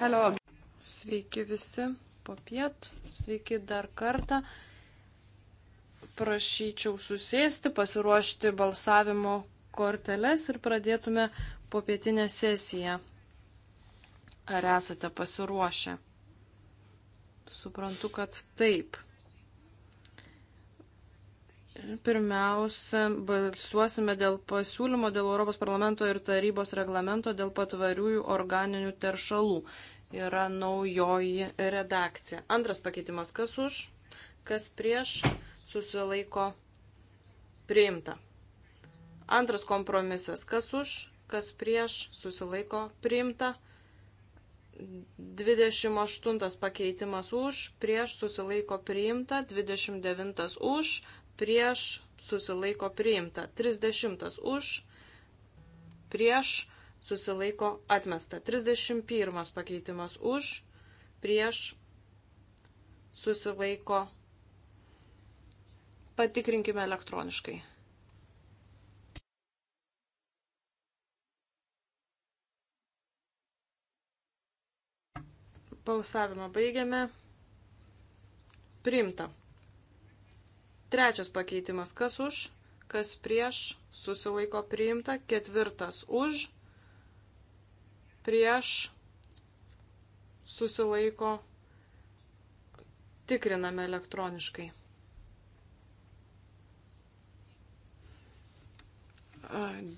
Hello. Sveiki visi, popiet, sveiki dar kartą. Prašyčiau susėsti, pasiruošti balsavimo korteles ir pradėtume popietinę sesiją. Ar esate pasiruošę? Suprantu, kad taip. Pirmiausia, balsuosime dėl pasiūlymo dėl Europos parlamento ir tarybos reglamento dėl patvariųjų organinių teršalų. Yra naujoji redakcija. Antras pakeitimas, kas už, kas prieš, susilaiko priimta. Antras kompromisas, kas už, kas prieš, susilaiko priimta. 28 pakeitimas už, prieš susilaiko priimta, 29 už, prieš, susilaiko priimta. 30 už, prieš, susilaiko atmesta. 31 pakeitimas už, prieš, susilaiko. Patikrinkime elektroniškai. Balsavimą baigiame. Priimta. Trečias pakeitimas, kas už, kas prieš, susilaiko priimta. Ketvirtas už, prieš, susilaiko tikriname elektroniškai.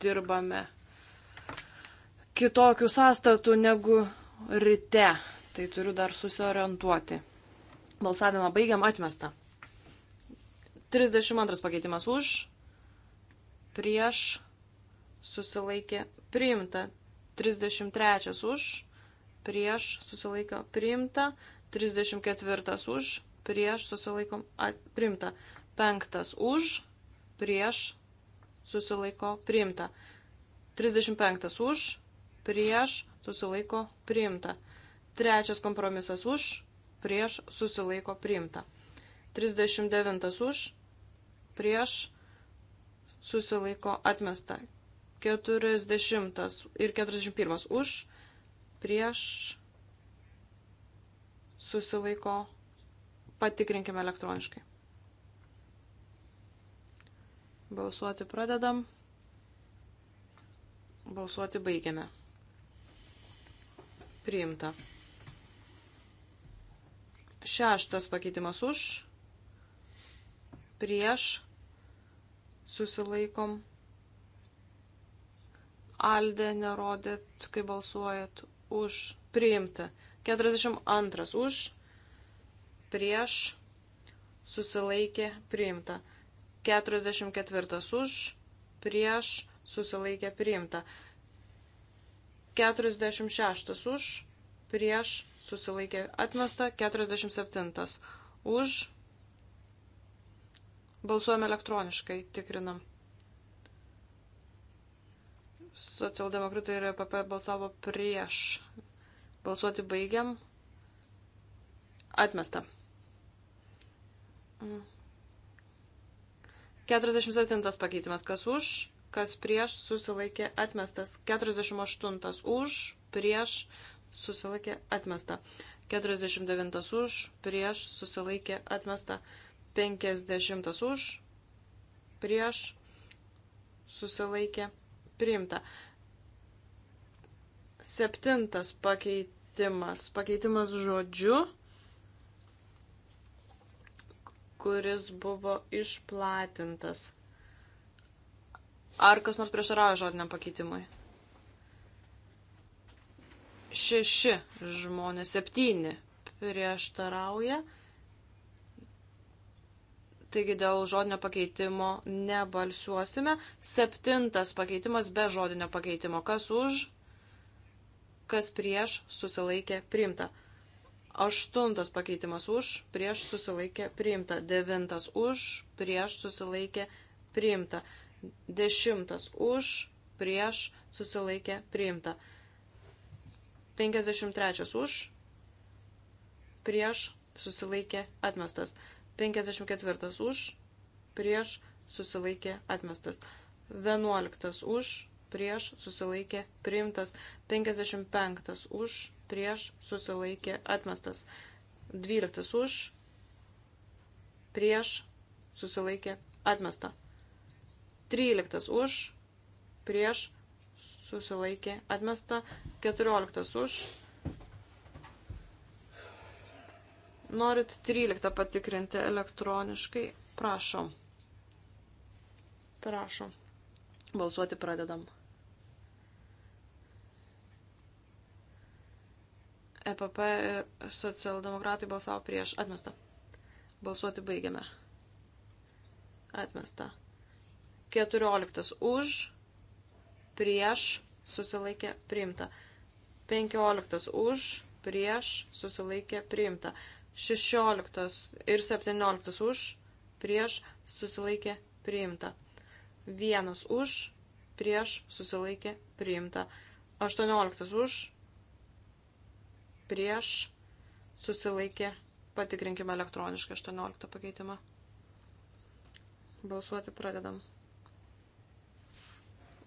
Dirbame kitokių sąstatų negu ryte. Tai turiu dar susiorientuoti. Balsavimą baigiam atmestą. 32 pakeitimas už, prieš, susilaikė, priimta. 33 už, prieš, susilaiko, priimta. 34 už, prieš, susilaikom, at, priimta. 5 už, prieš, susilaiko, priimta. 35 už, prieš, susilaiko, priimta. Trečias kompromisas už, prieš, susilaiko, priimta. 39 už, prieš susilaiko atmesta. 40 ir 41 už prieš susilaiko patikrinkime elektroniškai. Balsuoti pradedam. Balsuoti baigiame. Priimta. Šeštas pakeitimas už prieš, susilaikom. Alde nerodėt, kai balsuojat už priimta. 42 už, prieš, susilaikė, priimta. 44 už, prieš, susilaikė, priimta. 46 už, prieš, susilaikė, atmesta. 47 už, Balsuojame elektroniškai, tikrinam. Socialdemokratai ir PP e balsavo prieš. Balsuoti baigiam. Atmesta. 47 mm. pakeitimas. Kas už, kas prieš, susilaikė atmestas. 48 už, prieš, susilaikė atmesta. 49 už, prieš, susilaikė atmesta. 50 už, prieš, susilaikė, priimta. Septintas pakeitimas, pakeitimas žodžiu, kuris buvo išplatintas. Ar kas nors prieštarauja žodiniam pakeitimui? Šeši žmonės, septyni prieštarauja. Taigi dėl žodinio pakeitimo nebalsuosime. Septintas pakeitimas be žodinio pakeitimo. Kas už, kas prieš susilaikė priimta. Aštuntas pakeitimas už, prieš susilaikė priimta. Devintas už, prieš susilaikė priimta. Dešimtas už, prieš susilaikė priimta. 53 už, prieš susilaikė atmestas. 54 už, prieš susilaikė atmestas. 11 už, prieš susilaikė priimtas. 55 už, prieš susilaikė atmestas. 12 už, prieš susilaikė atmesta. 13 už, prieš susilaikė atmesta. 14 už, Norit 13 patikrinti elektroniškai? Prašom. Prašom. Balsuoti pradedam. EPP ir socialdemokratai balsavo prieš. Atmesta. Balsuoti baigiame. Atmesta. 14 už, prieš, susilaikė, priimta. 15 už, prieš, susilaikė, priimta. 16 ir 17 už, prieš susilaikė priimta. 1 už, prieš susilaikė priimta. 18 už, prieš susilaikė. Patikrinkime elektroniškai 18 pakeitimą. Balsuoti pradedam.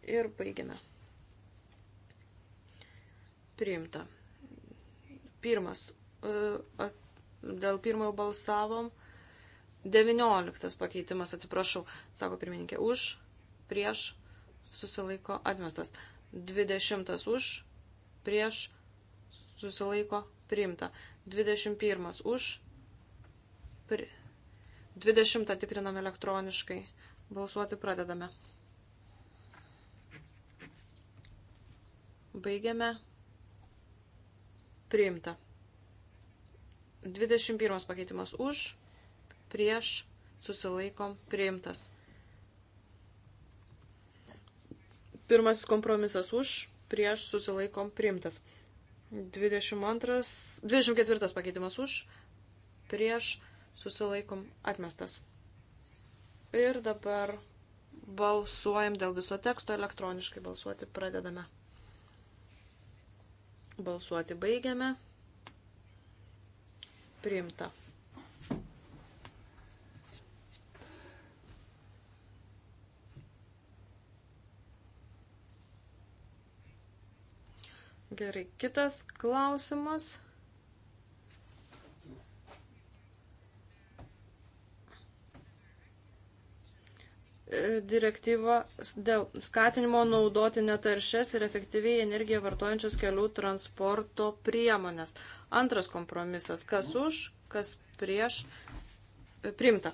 Ir baigiame. Priimta. Pirmas. Uh, at, Dėl pirmojo balsavom. 19 pakeitimas, atsiprašau, sako pirmininkė, už, prieš, susilaiko, atmestas. 20 už, prieš, susilaiko, priimta. 21 už, pri... 20 tikriname elektroniškai. Balsuoti pradedame. Baigiame. Priimta. 21 pakeitimas už, prieš, susilaikom, priimtas. Pirmasis kompromisas už, prieš, susilaikom, priimtas. 22, 24 pakeitimas už, prieš, susilaikom, atmestas. Ir dabar balsuojam dėl viso teksto elektroniškai. Balsuoti pradedame. Balsuoti baigiame priimta. Gerai, kitas klausimas. direktyva dėl skatinimo naudoti netaršias ir efektyviai energiją vartojančias kelių transporto priemonės. Antras kompromisas. Kas už, kas prieš. Primta.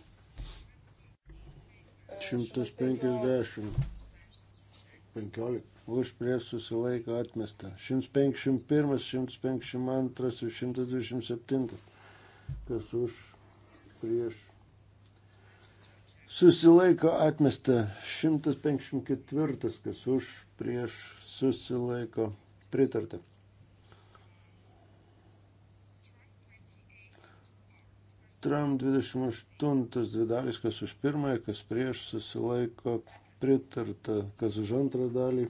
150. 15. Už prieš susilaiko atmesta. 151, 152 ir 127. Kas už prieš susilaiko atmesta 154, kas už, prieš, susilaiko pritarta. Tram 28 dvidalis, kas už pirmąją, kas prieš, susilaiko pritarta, kas už antrą dalį,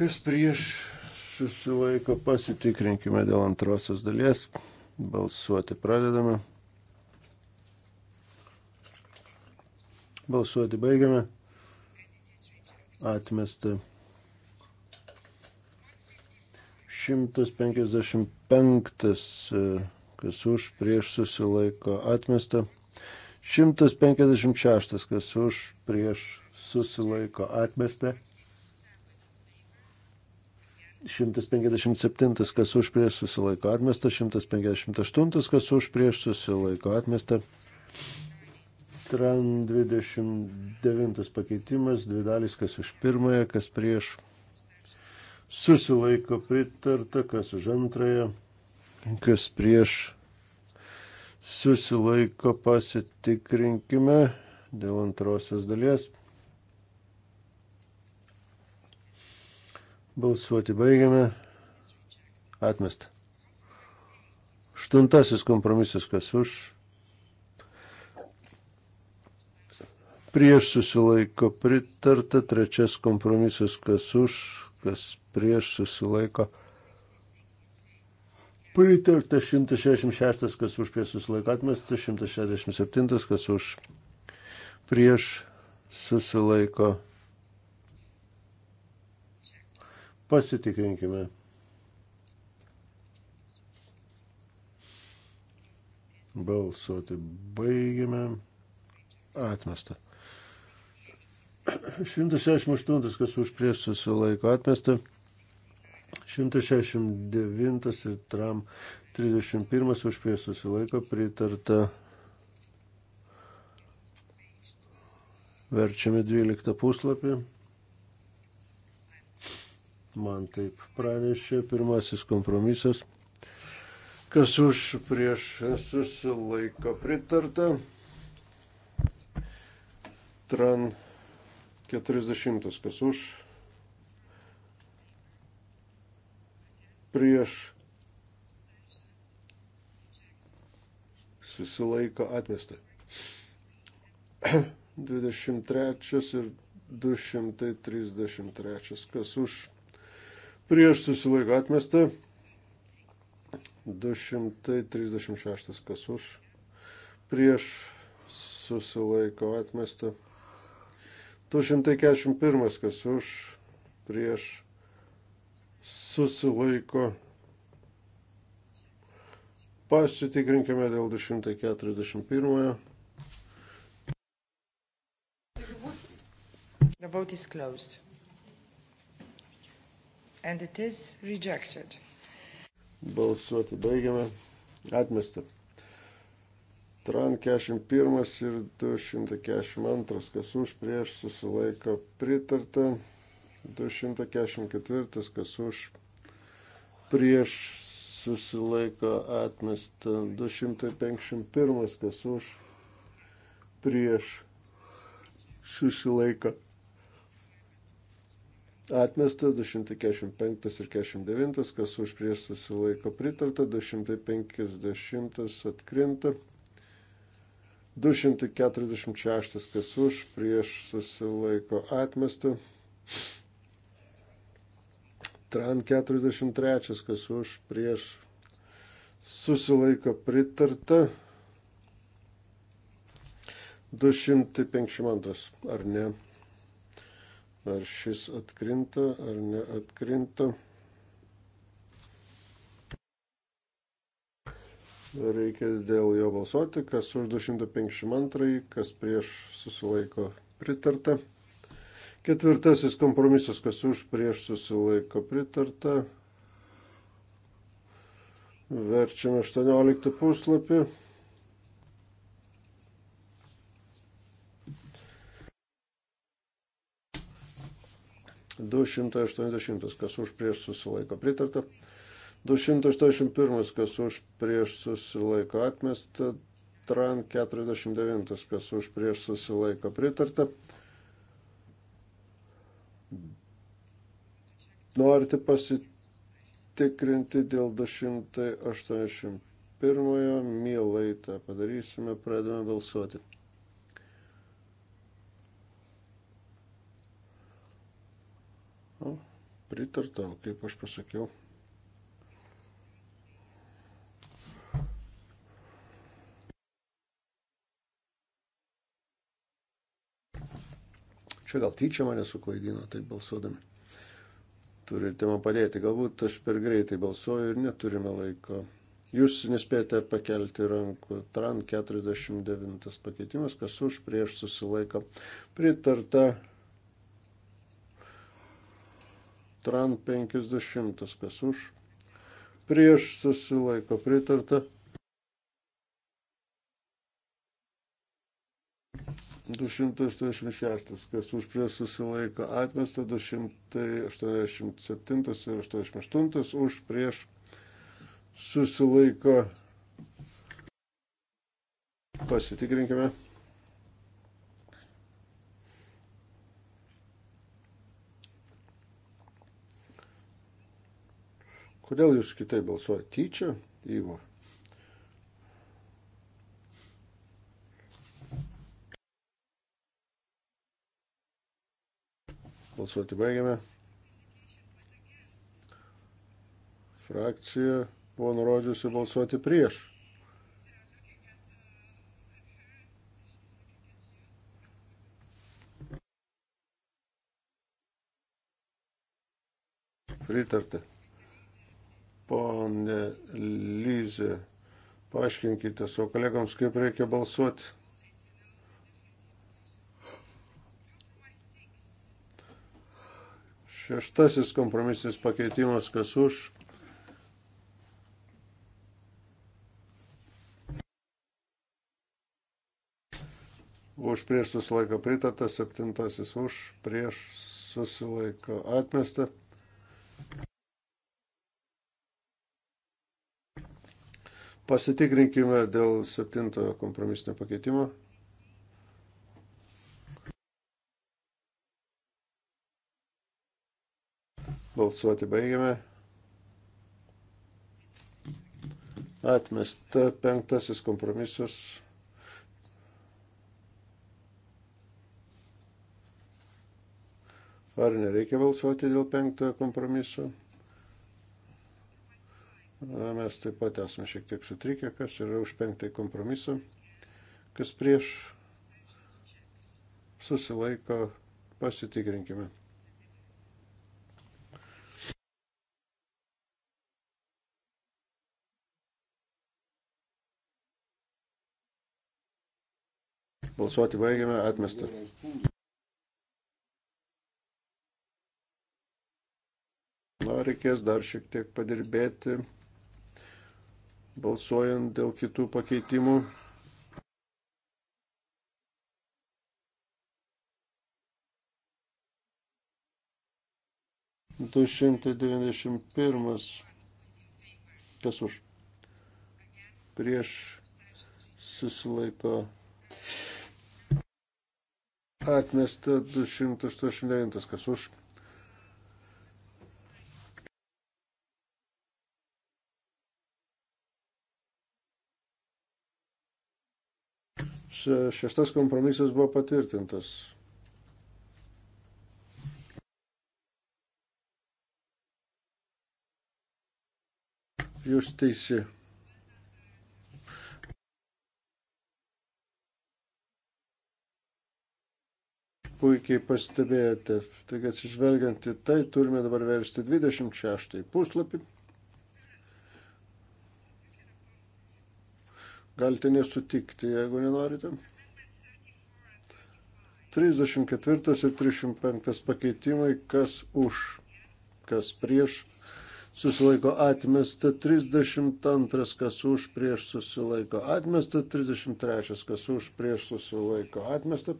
kas prieš, susilaiko pasitikrinkime dėl antrosios dalies. Balsuoti pradedame. Balsuoti baigiame. Atmesta. 155, e, kas už, prieš susilaiko. Atmesta. 156, kas už, prieš susilaiko. Atmesta. 157, kas už prieš susilaiko atmesta, 158, kas už prieš susilaiko atmesta, Tran 29 pakeitimas, dvi dalys, kas už pirmąją, kas prieš. Susilaiko pritarta, kas už antrąją, kas prieš. Susilaiko pasitikrinkime dėl antrosios dalies. Balsuoti baigiame. Atmesta. Aštuntasis kompromisas, kas už prieš susilaiko pritarta, trečias kompromisas, kas už, kas prieš susilaiko pritarta, 166, kas už prieš susilaiko atmesta, 167, kas už prieš susilaiko. Pasitikrinkime. Balsuoti baigiame atmesta. 168, kas už prieš susilaiko atmesta. 169 ir tram 31 už prieš susilaiko pritarta. Verčiame 12 puslapį. Man taip pranešė pirmasis kompromisas. Kas už prieš susilaiko pritarta. Tran 31. 40. Kas už? Prieš susilaiko atmesta. 23 ir 233. Kas už? Prieš susilaiko atmesta. 236. Kas už? Prieš susilaiko atmesta. 241, kas už, prieš, susilaiko. Pasitikrinkime dėl 241. The vote is closed. And it is rejected. Balsuoti baigiame. Atmesta. Tran 41 ir 242, kas už prieš susilaiko pritarta, 244, kas už prieš susilaiko atmesta, 251, kas už prieš susilaiko atmestas 245 ir 49, kas už prieš susilaiko pritarta, 250 atkrinta, 246, kas už, prieš susilaiko atmestų. Tran 43, kas už, prieš susilaiko pritarta. 252, ar ne? Ar šis atkrinta, ar neatkrinta? Reikia dėl jo balsuoti, kas už 252, kas prieš susilaiko pritarta. Ketvirtasis kompromisas, kas už prieš susilaiko pritarta. Verčiame 18 puslapį. Du šimtai aštuoniasdešimtas, kas už prieš susilaiko pritarta. 281, kas už prieš susilaiko atmesta, tran 49, kas už prieš susilaiko pritarta. Norite pasitikrinti dėl 281, mielai tą padarysime, pradedame balsuoti. O, pritartau, kaip aš pasakiau. Čia gal tyčia mane suklaidino, taip balsuodami. Turite man padėti, galbūt aš per greitai balsuoju ir neturime laiko. Jūs nespėjate pakelti rankų. Tran 49 pakeitimas, kas už prieš susilaiko. Pritarta. Tran 50, kas už prieš susilaiko. Pritarta. 286, kas už prie susilaiko atmesta, 287 ir 88 už prieš susilaiko. Pasitikrinkime. Kodėl jūs kitaip balsuojate? Tyčia? Įvo. Balsuoti baigiame. Frakcija buvo nurodžiusi balsuoti prieš. Pritarta. Pone Lyze, paaiškinkite savo kolegams, kaip reikia balsuoti. Šeštasis kompromisinis pakeitimas, kas už. Už prieš susilaiko pritarta, septintasis už prieš susilaiko atmesta. Pasitikrinkime dėl septintojo kompromisinio pakeitimo. Balsuoti baigiame. Atmesta penktasis kompromisas. Ar nereikia balsuoti dėl penktojo kompromiso? Na, mes taip pat esame šiek tiek sutrikę, kas yra už penktąjį kompromisą, kas prieš susilaiko pasitikrinkime. Balsuoti baigiame, atmesta. Na, reikės dar šiek tiek padirbėti, balsuojant dėl kitų pakeitimų. Du šimtai devyniasdešimt pirmas. Kas už? Prieš susilaiko Atmesta 289, kas už. Šeštas kompromisas buvo patvirtintas. Jūs teisi. puikiai pastebėjote. Taigi atsižvelgiant į tai, turime dabar versti 26 puslapį. Galite nesutikti, jeigu nenorite. 34 ir 305 pakeitimai, kas už, kas prieš, susilaiko atmesta, 32 kas už, prieš susilaiko atmesta, 33 kas už, prieš susilaiko atmesta.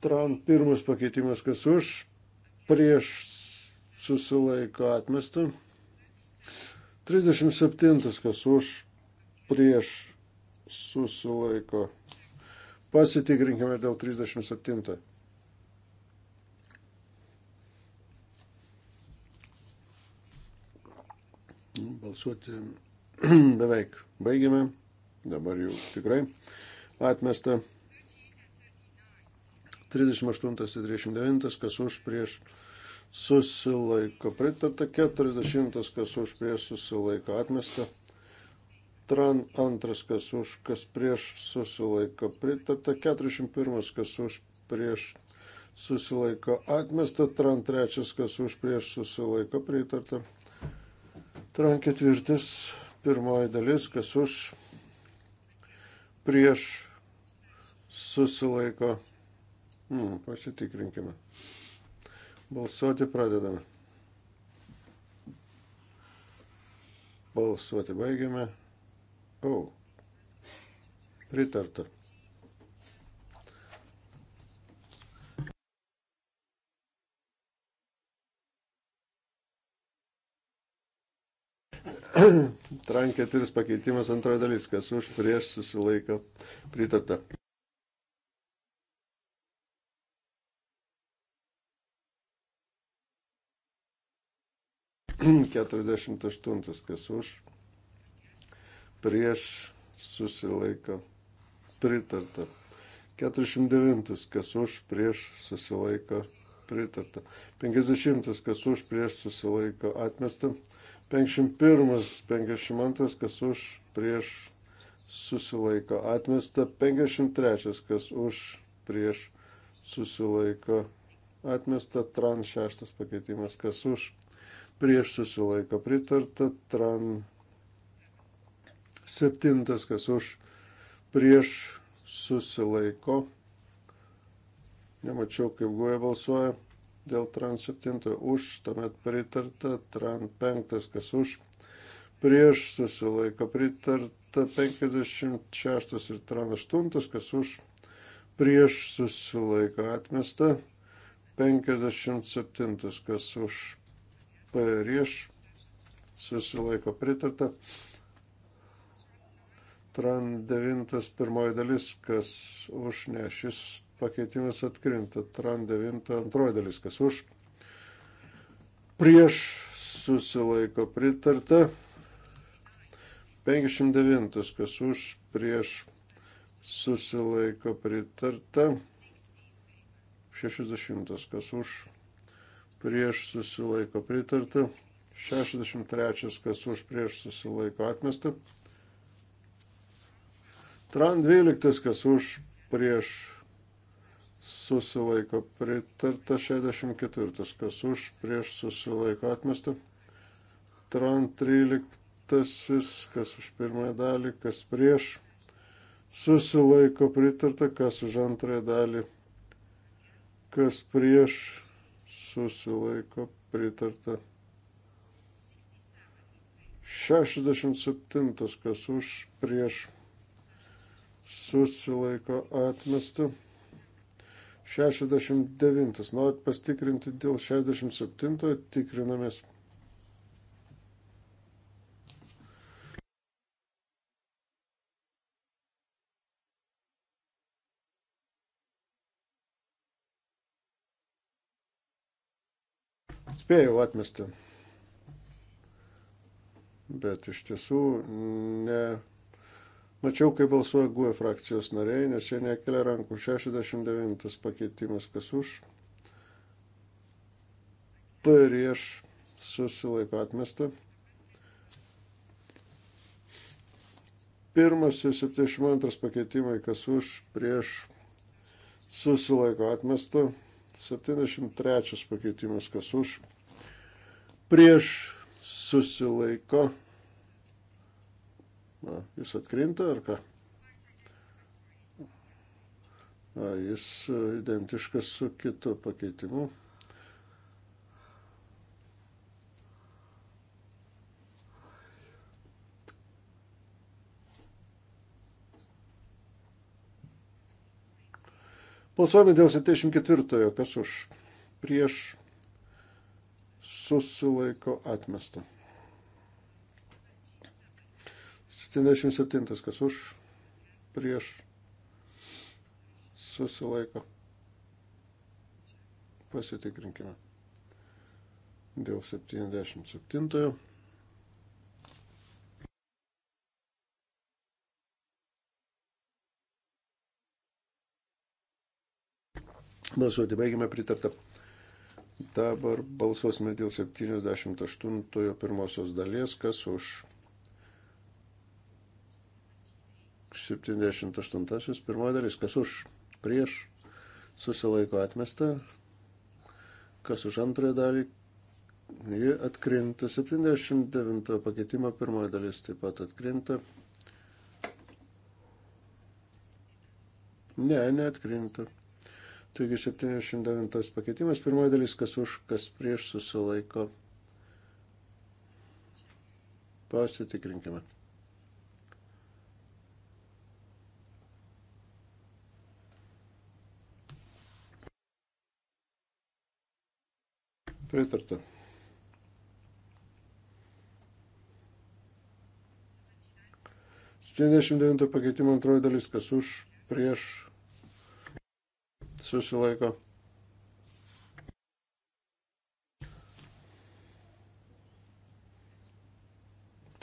Tran pirmas pakeitimas, kas už, prieš susilaiko atmestą. 37, kas už, prieš susilaiko. Pasitikrinkime dėl 37. Balsuoti beveik baigiame. Dabar jau tikrai atmesta. 38 ir 39, kas už prieš susilaiko. Pritarta 40, kas už prieš susilaiko. Atmesta. Tran antras, kas už, kas prieš susilaiko. Pritarta 41, kas už prieš susilaiko. Atmesta. Tran trečias, kas už prieš susilaiko. Pritarta. Tran ketvirtis, pirmoji dalis, kas už prieš susilaiko Hmm, pasitikrinkime. Balsuoti pradedame. Balsuoti baigiame. O. Oh. Pritarta. Trankė tris pakeitimas antroji dalis, kas už prieš susilaiko pritarta. 48, kas už, prieš susilaiko pritarta. 49, kas už, prieš susilaiko pritarta. 50, kas už, prieš susilaiko atmesta. 51, 52, kas už, prieš susilaiko atmesta. 53, kas už, prieš susilaiko atmesta. Trans šeštas pakeitimas, kas už, prieš susilaiko pritarta, tran septintas, kas už prieš susilaiko. Nemačiau, kaip guoja balsuoja dėl tran septintojo už, tuomet pritarta, tran penktas, kas už prieš susilaiko pritarta 56 ir 38, kas už prieš susilaiko atmesta 57, kas už prieš susilaiko pritarta. Tran 9 pirmoji dalis, kas už ne, šis pakeitimas atkrinta. Tran 9 antroji dalis, kas už prieš susilaiko pritarta. 59 kas už prieš susilaiko pritarta. 60 kas už prieš susilaiko pritarta. 63, kas už prieš susilaiko atmesta. Tran 12, kas už prieš susilaiko pritarta. 64, kas už prieš susilaiko atmesta. Tran 13, kas už pirmąją dalį, kas prieš susilaiko pritarta, kas už antrąją dalį, kas prieš susilaiko pritarta. 67. kas už prieš susilaiko atmestų. 69. Norit pastikrinti dėl 67. Tikrinamės. spėjau atmesti. Bet iš tiesų ne. Mačiau, kaip balsuoja GUE frakcijos nariai, nes jie nekelia rankų. 69 pakeitimas, kas už. Prieš susilaiko atmestą. Pirmas ir 72 pakeitimai, kas už, prieš susilaiko atmestą. 73 pakeitimas, kas už, prieš susilaiko. Na, jis atkrinta ar ką? Na, jis identiškas su kitu pakeitimu. Balsuojame dėl 74-ojo, kas už prieš susilaiko atmesta. 77. Kas už, prieš, susilaiko. Pasitikrinkime. Dėl 77. Balsuoti baigime pritartą. Dabar balsuosime dėl 78 pirmosios dalies, kas už 78 pirmoji dalis, kas už prieš susilaiko atmesta, kas už antrąją dalį, ji atkrinta, 79 pakeitimo pirmoji dalis taip pat atkrinta. Ne, neatkrinta. Taigi 79 pakeitimas, pirmoji dalis, kas už, kas prieš susilaiko. Pasitikrinkime. Pritarta. Septyniasdešimt devinto pakeitimo antroji dalis, kas už, prieš susilaiko.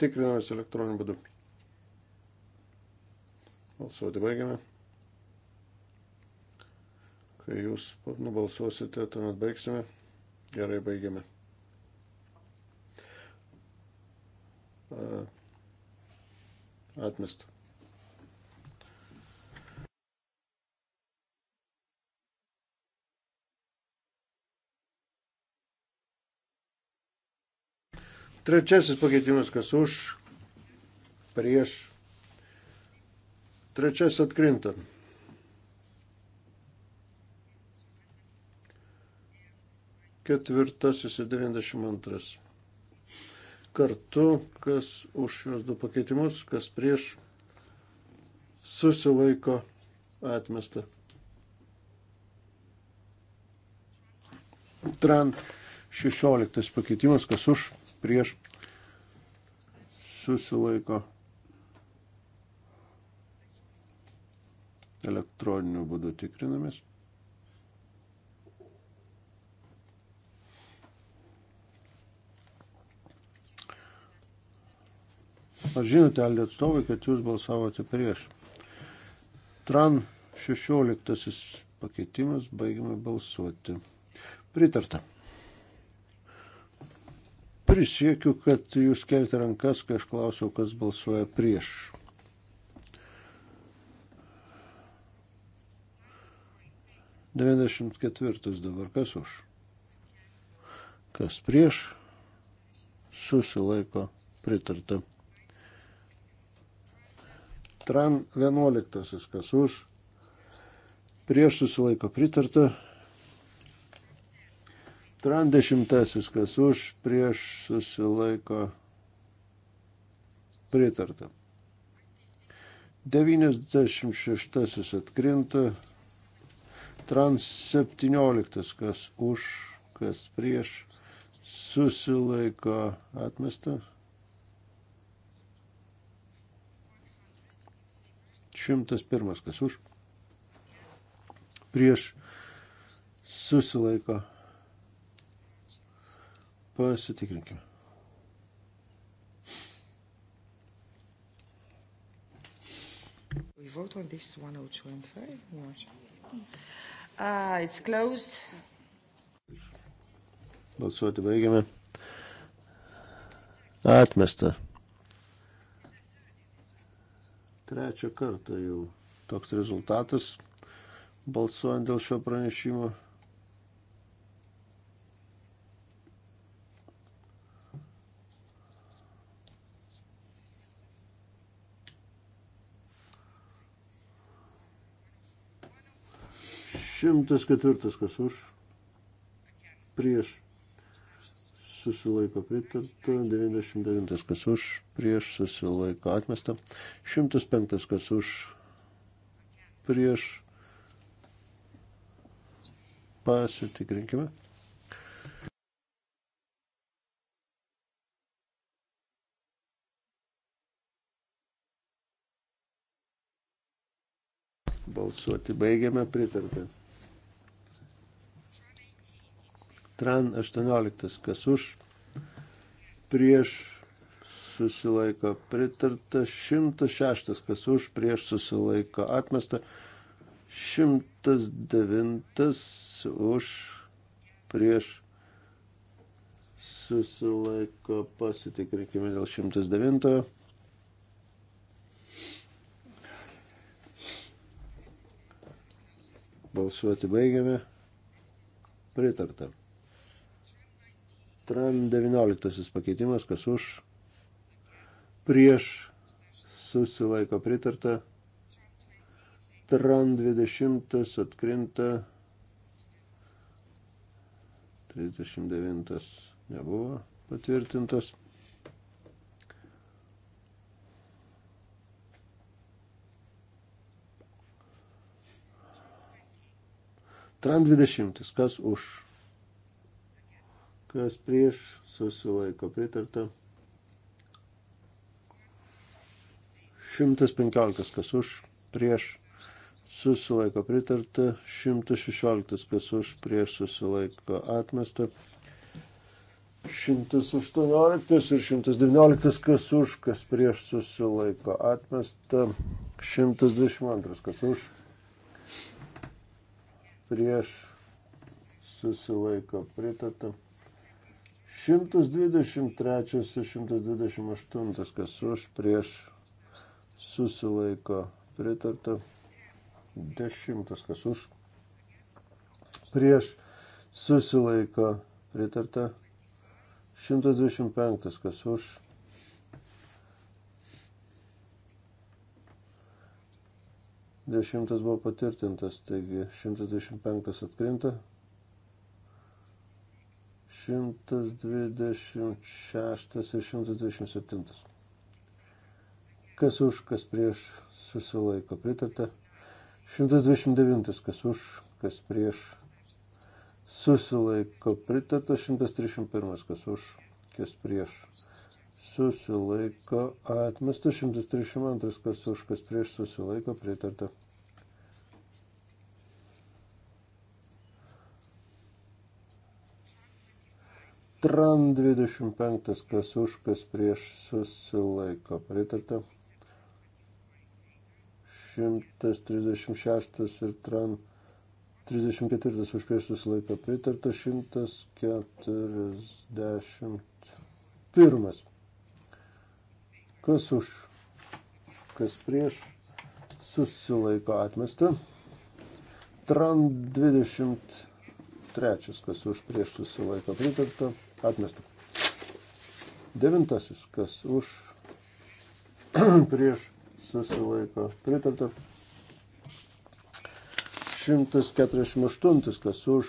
Tikrinamės elektroniniu būdu. Balsuoti baigiame. Kai jūs nubalsuosite, tuomet baigsime. Gerai, baigiame. Atmestą. Trečiasis pakeitimas, kas už, prieš. Trečias atkrinta. Ketvirtasis ir 92. Kartu, kas už šios du pakeitimus, kas prieš, susilaiko atmesta. Trant 16 pakeitimas, kas už prieš susilaiko elektroniniu būdu tikrinamis. Ar žinote, Aldė atstovai, kad jūs balsavote prieš? Tran 16 pakeitimas, baigiame balsuoti. Pritarta. Prisiekiu, kad jūs kelti rankas, kai aš klausiau, kas balsuoja prieš. Devinasdešimt ketvirtas dabar kas už? Kas prieš? Susilaiko pritarta. Tran 11. Kas už? Prieš susilaiko pritarta. Tran dešimtasis, kas už, prieš susilaiko pritarta. 96 atkrinta. Trans 17, kas už, kas prieš, susilaiko atmesta. 101, kas už, prieš, susilaiko Pasitikrinkime. We vote on this 102 and 5? Ah, it's closed. Balsuoti baigiame. Atmesta. Trečią kartą jau toks rezultatas balsuojant dėl šio pranešimo. 104 kas už, prieš susilaiko pritarta, 99 kas už, prieš susilaiko atmesta, 105 kas už, prieš pasitikrinkime. Balsuoti baigiame pritartą. Tran 18, kas už, prieš susilaiko pritarta, 106, kas už, prieš susilaiko atmesta, 109 už, prieš susilaiko pasitikrinkime dėl 109. Balsuoti baigiame. Pritartam. Tram 19 pakeitimas, kas už, prieš, susilaiko pritarta. Tram 20 atkrinta. 39 nebuvo patvirtintas. Tran 20. Kas už? kas prieš susilaiko pritarta. 115 kas už, prieš susilaiko pritarta, 116 kas už, prieš susilaiko atmesta, 118 ir 119 kas už, kas prieš susilaiko atmesta, 122 kas už, prieš susilaiko pritarta. 123 ir 128, kas už prieš susilaiko pritarta. 10, kas už prieš susilaiko pritarta. 125, kas už. Dešimtas buvo patvirtintas, taigi 125 atkrinta, 126 ir 127. Kas už, kas prieš susilaiko pritarta. 129. Kas už, kas prieš susilaiko pritarta. 131. Kas už, kas prieš susilaiko atmesta. 132. Kas už, kas prieš susilaiko pritarta. Tran 25, kas už, kas prieš susilaiko. Pritarta. 136 ir Tran 34 už prieš susilaiko. Pritarta 141. Kas už, kas prieš susilaiko atmesta. Tran 23, kas už prieš susilaiko pritarta. Atmesta. Devintasis, kas už prieš susilaiko pritarta. 148, kas už,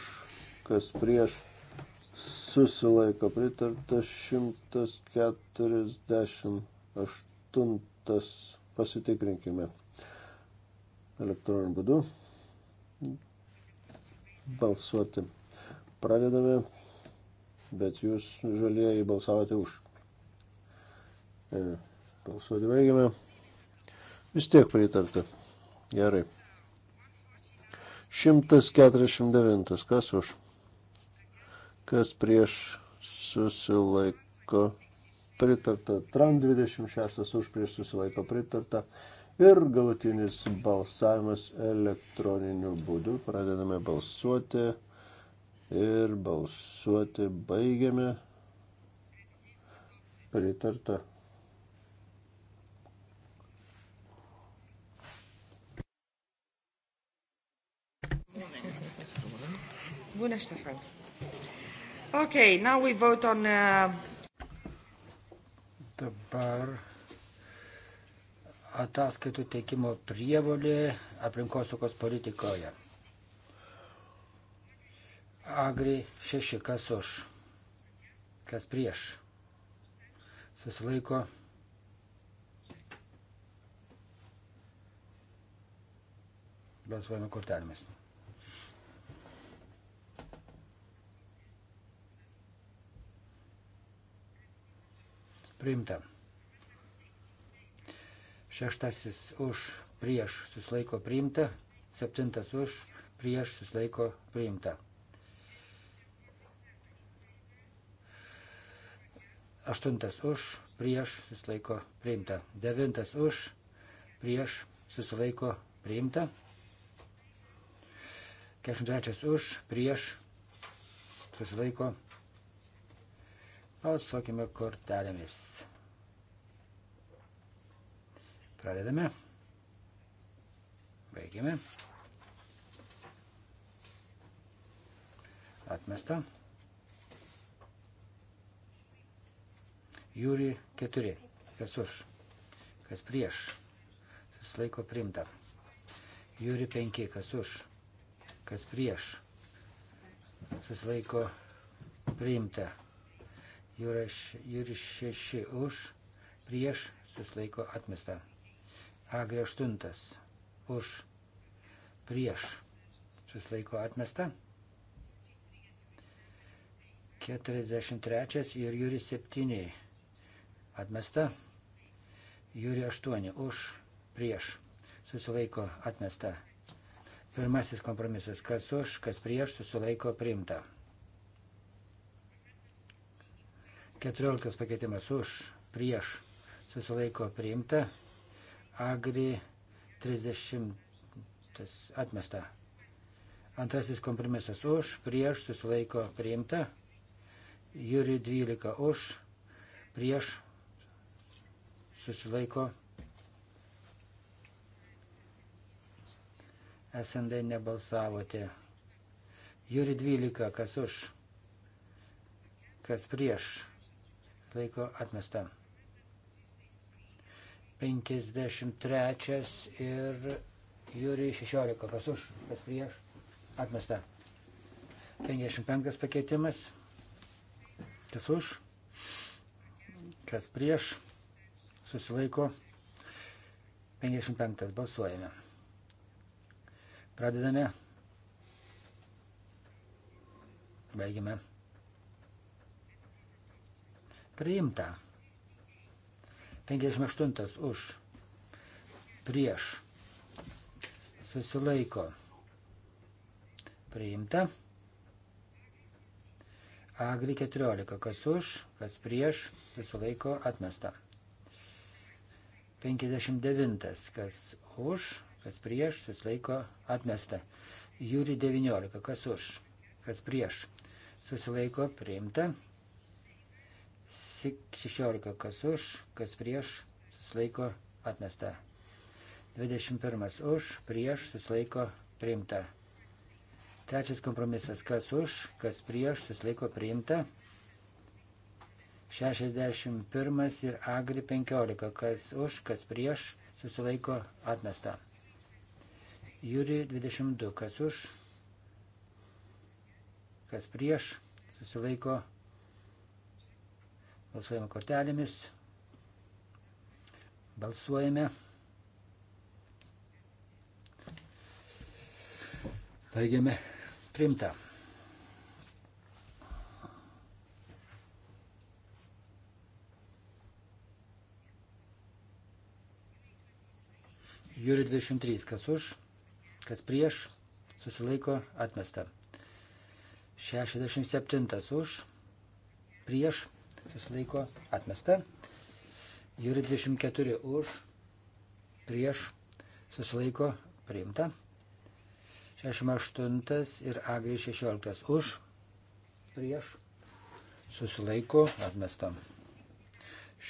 kas prieš susilaiko pritarta. 148 pasitikrinkime elektroniniu būdu balsuoti. Pradedame bet jūs žalieji balsavote už. E, balsuoti baigiame. Vis tiek pritarta. Gerai. 149. Kas už? Kas prieš susilaiko pritarta. Tram 26 už prieš susilaiko pritarta. Ir galutinis balsavimas elektroniniu būdu. Pradedame balsuoti ir balsuoti baigiame. Pritarta. Bună, Ștefan. Okay, now we vote on... Uh... Dabar ataskaitų teikimo prievolė aplinkosaugos politikoje. Agri 6, kas už, kas prieš. Susilaiko. Balsuojame kortelėmis. Priimta. Šeštasis už prieš susilaiko priimta. Septintas už prieš susilaiko priimta. Aštuntas už, prieš, susilaiko priimta. Devintas už, prieš, susilaiko priimta. 43 už, prieš, susilaiko. Balsuokime kortelėmis. Pradedame. Baigiame. Atmesta. Jūri 4. Kas už? Kas prieš? Susilaiko priimta. Jūri 5. Kas už? Kas prieš? Susilaiko priimta. Jūri 6. Už? Prieš? Susilaiko atmesta. Agri 8. Už? Prieš? Susilaiko atmesta. 43 ir Jūri 7 atmesta. Jūri 8 už, prieš, susilaiko atmesta. Pirmasis kompromisas, kas už, kas prieš, susilaiko priimta. 14 pakeitimas už, prieš, susilaiko priimta. Agri 30 atmesta. Antrasis kompromisas už, prieš, susilaiko priimta. Jūri 12 už, prieš, susilaiko. SND nebalsavote. Jūri 12, kas už, kas prieš, laiko atmesta. 53 ir Jūri 16, kas už, kas prieš, atmesta. 55 pakeitimas, kas už, kas prieš, susilaiko. 55 balsuojame. Pradedame. Baigiame. Priimta. 58 už. Prieš. Susilaiko. Priimta. Agri 14. Kas už, kas prieš, susilaiko, atmesta. 59. Kas už, kas prieš, susilaiko atmesta. Jūri 19. Kas už, kas prieš, susilaiko priimta. 16. Kas už, kas prieš, susilaiko atmesta. 21. Už, prieš, susilaiko priimta. Trečias kompromisas. Kas už, kas prieš, susilaiko priimta. 61 ir Agri 15, kas už, kas prieš, susilaiko atmesta. Jūri 22, kas už, kas prieš, susilaiko balsuojame kortelėmis, balsuojame. Baigiame primtą. Jūri 23, kas už, kas prieš, susilaiko atmesta. 67 už, prieš, susilaiko atmesta. Jūri 24 už, prieš, susilaiko priimta. 68 ir Agri 16 už, prieš, susilaiko atmesta.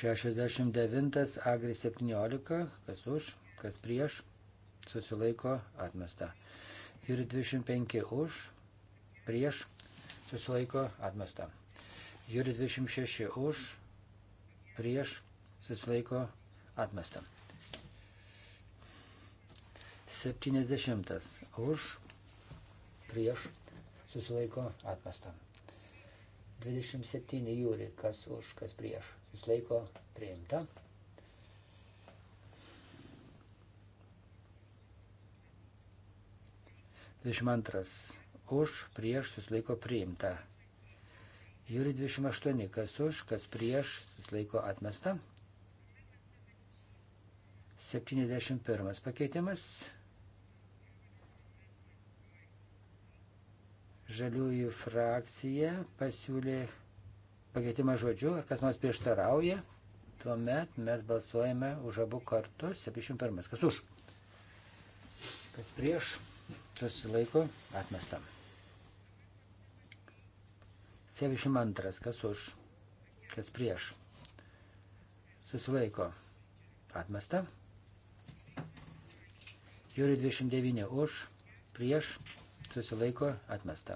69 Agri 17, kas už, kas prieš, susilaiko atmesta. Ir 25 už, prieš, susilaiko atmesta. Ir 26 už, prieš, susilaiko atmesta. 70 už, prieš, susilaiko atmesta. 27 jūri, kas už, kas prieš, susilaiko priimta. 22. Už, prieš, susilaiko priimta. Ir 28. Kas už, kas prieš, susilaiko atmesta. 71. Pakeitimas. Žaliųjų frakcija pasiūlė pakeitimą žodžiu, ar kas nors prieštarauja, tuomet mes balsuojame už abu kartus 71. Kas už? Kas prieš? susilaiko atmesta. 72. Kas už, kas prieš. Susilaiko atmesta. Jūri 29 už, prieš, susilaiko atmesta.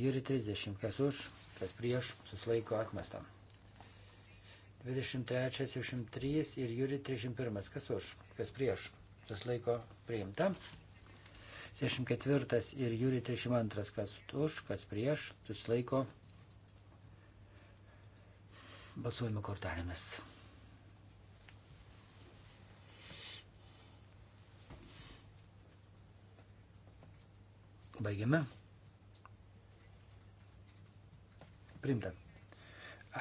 Jūri 30. Kas už, kas prieš, susilaiko atmesta. 23, 23 ir Jūri 31. Kas už, kas prieš, susilaiko priimta. 64 ir Jūri 32, kas už, kas prieš, susilaiko. Balsuojame kortelėmis. Baigiame. Primta.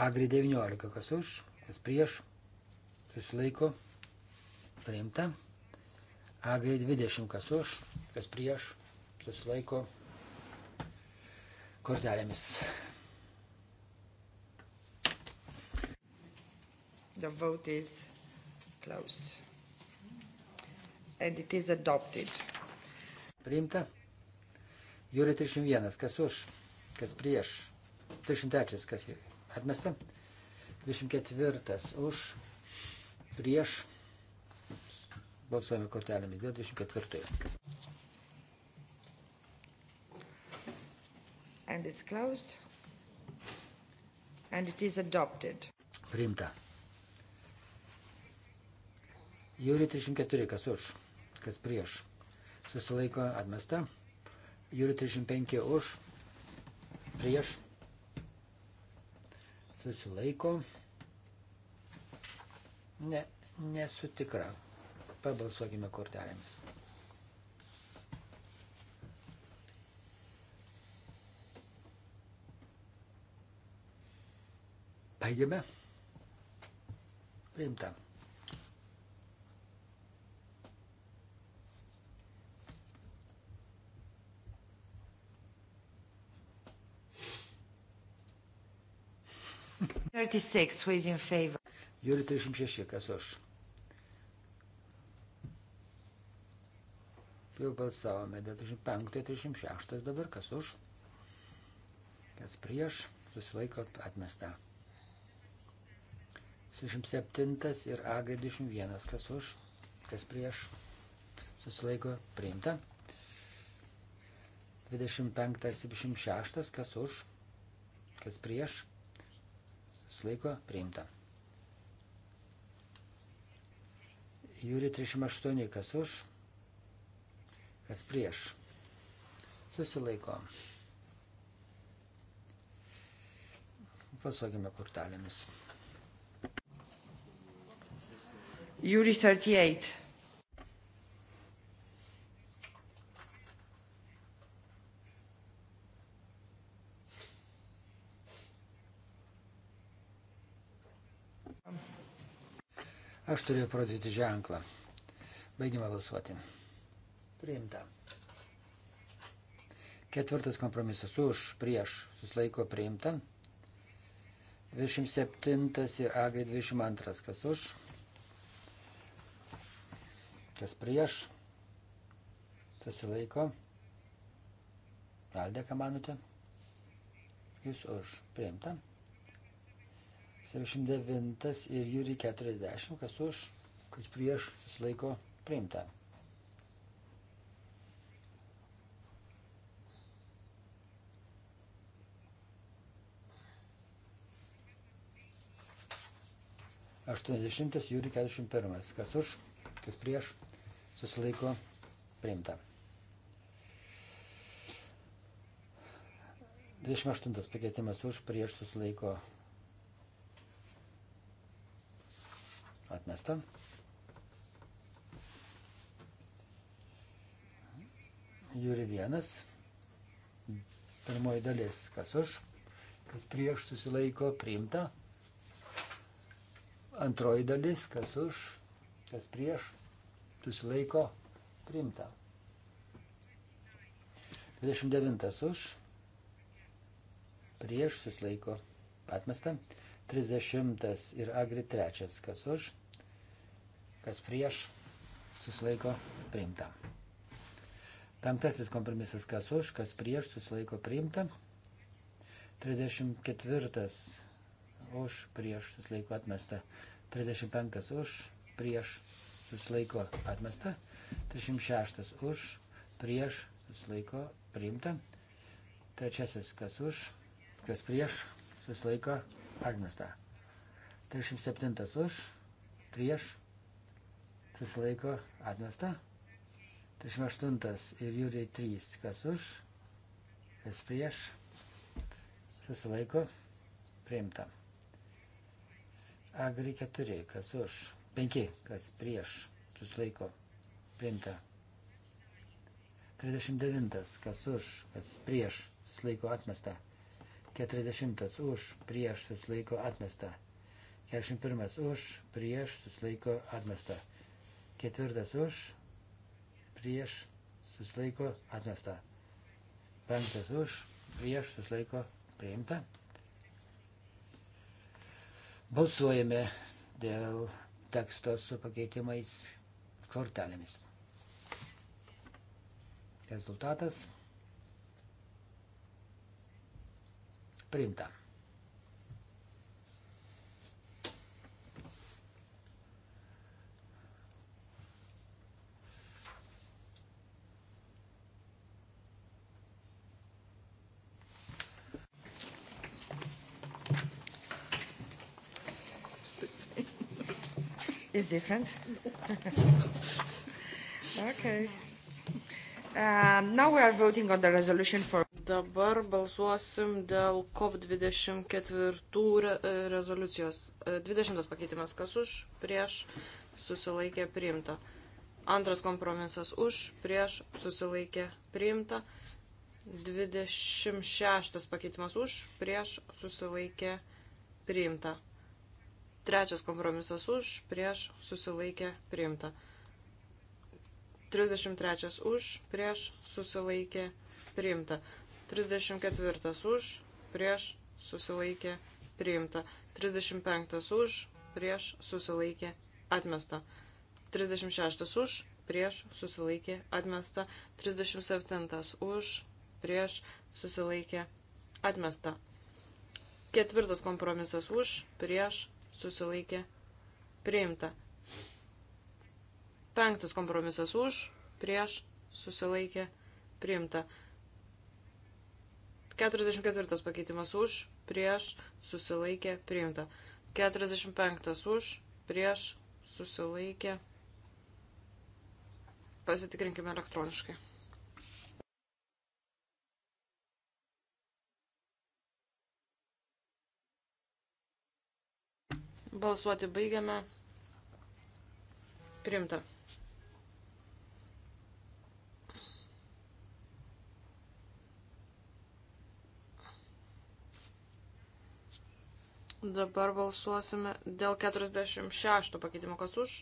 Agri 19, kas už, kas prieš, susilaiko. Primta. Agri 20, kas už, kas prieš, susilaiko kortelėmis. The vote is closed. And it is adopted. Priimta. Jūri 31, kas už, kas prieš. 33, kas atmesta. 24, už, prieš. Balsuojame kortelėmis dėl 24. and it's closed. And it is adopted. Priimta. Jūri 34, kas už, kas prieš. Susilaiko atmesta. Jūri 35 už, prieš. Susilaiko. Ne, nesu tikra. Pabalsuokime kortelėmis. Baigiame. Priimta. Jūri 36, kas už. Jau balsavome, 35, 36 dabar, kas už. Kas prieš, susilaiko atmesta. 67 ir AG 21. Kas už, kas prieš, susilaiko priimta. 25 ir 76. Kas už, kas prieš, susilaiko priimta. Jūri 38. Kas už, kas prieš, susilaiko. Pasuokime kortelėmis. Juri 38. Aš turėjau pradėti ženklą. Baigime balsuoti. Priimta. Ketvirtas kompromisas už, prieš, suslaiko priimta. 27 ir AG 22, kas už, kas prieš, susilaiko. Aldė, ką manote? Jūs už priimta. 79 ir Jūri 40, kas už, kas prieš, susilaiko priimta. Aštuoniasdešimtas Jūri 41, kas už, kas prieš, susilaiko priimta. 28 pakeitimas už prieš susilaiko atmesta. Jūri vienas, pirmoji dalis, kas už, kas prieš susilaiko priimta. Antroji dalis, kas už, kas prieš susilaiko priimta. 29 už, prieš susilaiko atmesta. 30 ir agri trečias, kas už, kas prieš susilaiko priimta. Penktasis kompromisas, kas už, kas prieš, susilaiko priimta. 34 už, prieš, susilaiko atmesta. 35 už, prieš, susilaiko atmesta, 36 už, prieš susilaiko priimta, trečiasis kas už, kas prieš susilaiko atmesta, 37 už, prieš susilaiko atmesta, 38 ir jūriai 3 kas už, kas prieš susilaiko priimta. Agri 4 kas už 5, kas prieš, susilaiko priimta. 39, kas už, kas prieš, susilaiko atmesta. 40, už, prieš, susilaiko atmesta. 41, už, prieš, susilaiko atmesta. 4, už, prieš, susilaiko atmesta. 5, už, prieš, susilaiko priimta. Balsuojame dėl teksto su pakeitimais kortelėmis. Rezultatas. Priimta. is different. okay. Um, now we are voting on the resolution for. Dabar balsuosim dėl COP24 re e, rezoliucijos. 20 e, pakeitimas kas už, prieš, susilaikė priimta. Antras kompromisas už, prieš, susilaikė priimta. 26 pakeitimas už, prieš, susilaikė priimta. Trečias kompromisas už, prieš, susilaikė, priimta. 33 už, prieš, susilaikė, priimta. 34 už, prieš, susilaikė, priimta. 35 už, prieš, susilaikė, atmesta. 36 už, prieš, susilaikė, atmesta. 37 už, prieš, susilaikė, atmesta. Ketvirtas kompromisas už, prieš, susilaikė priimta. Penktas kompromisas už, prieš susilaikė priimta. 44 pakeitimas už, prieš susilaikė priimta. 45 už, prieš susilaikė. Pasitikrinkime elektroniškai. Balsuoti baigiame. Primta. Dabar balsuosime dėl 46 pakeitimo. Kas už?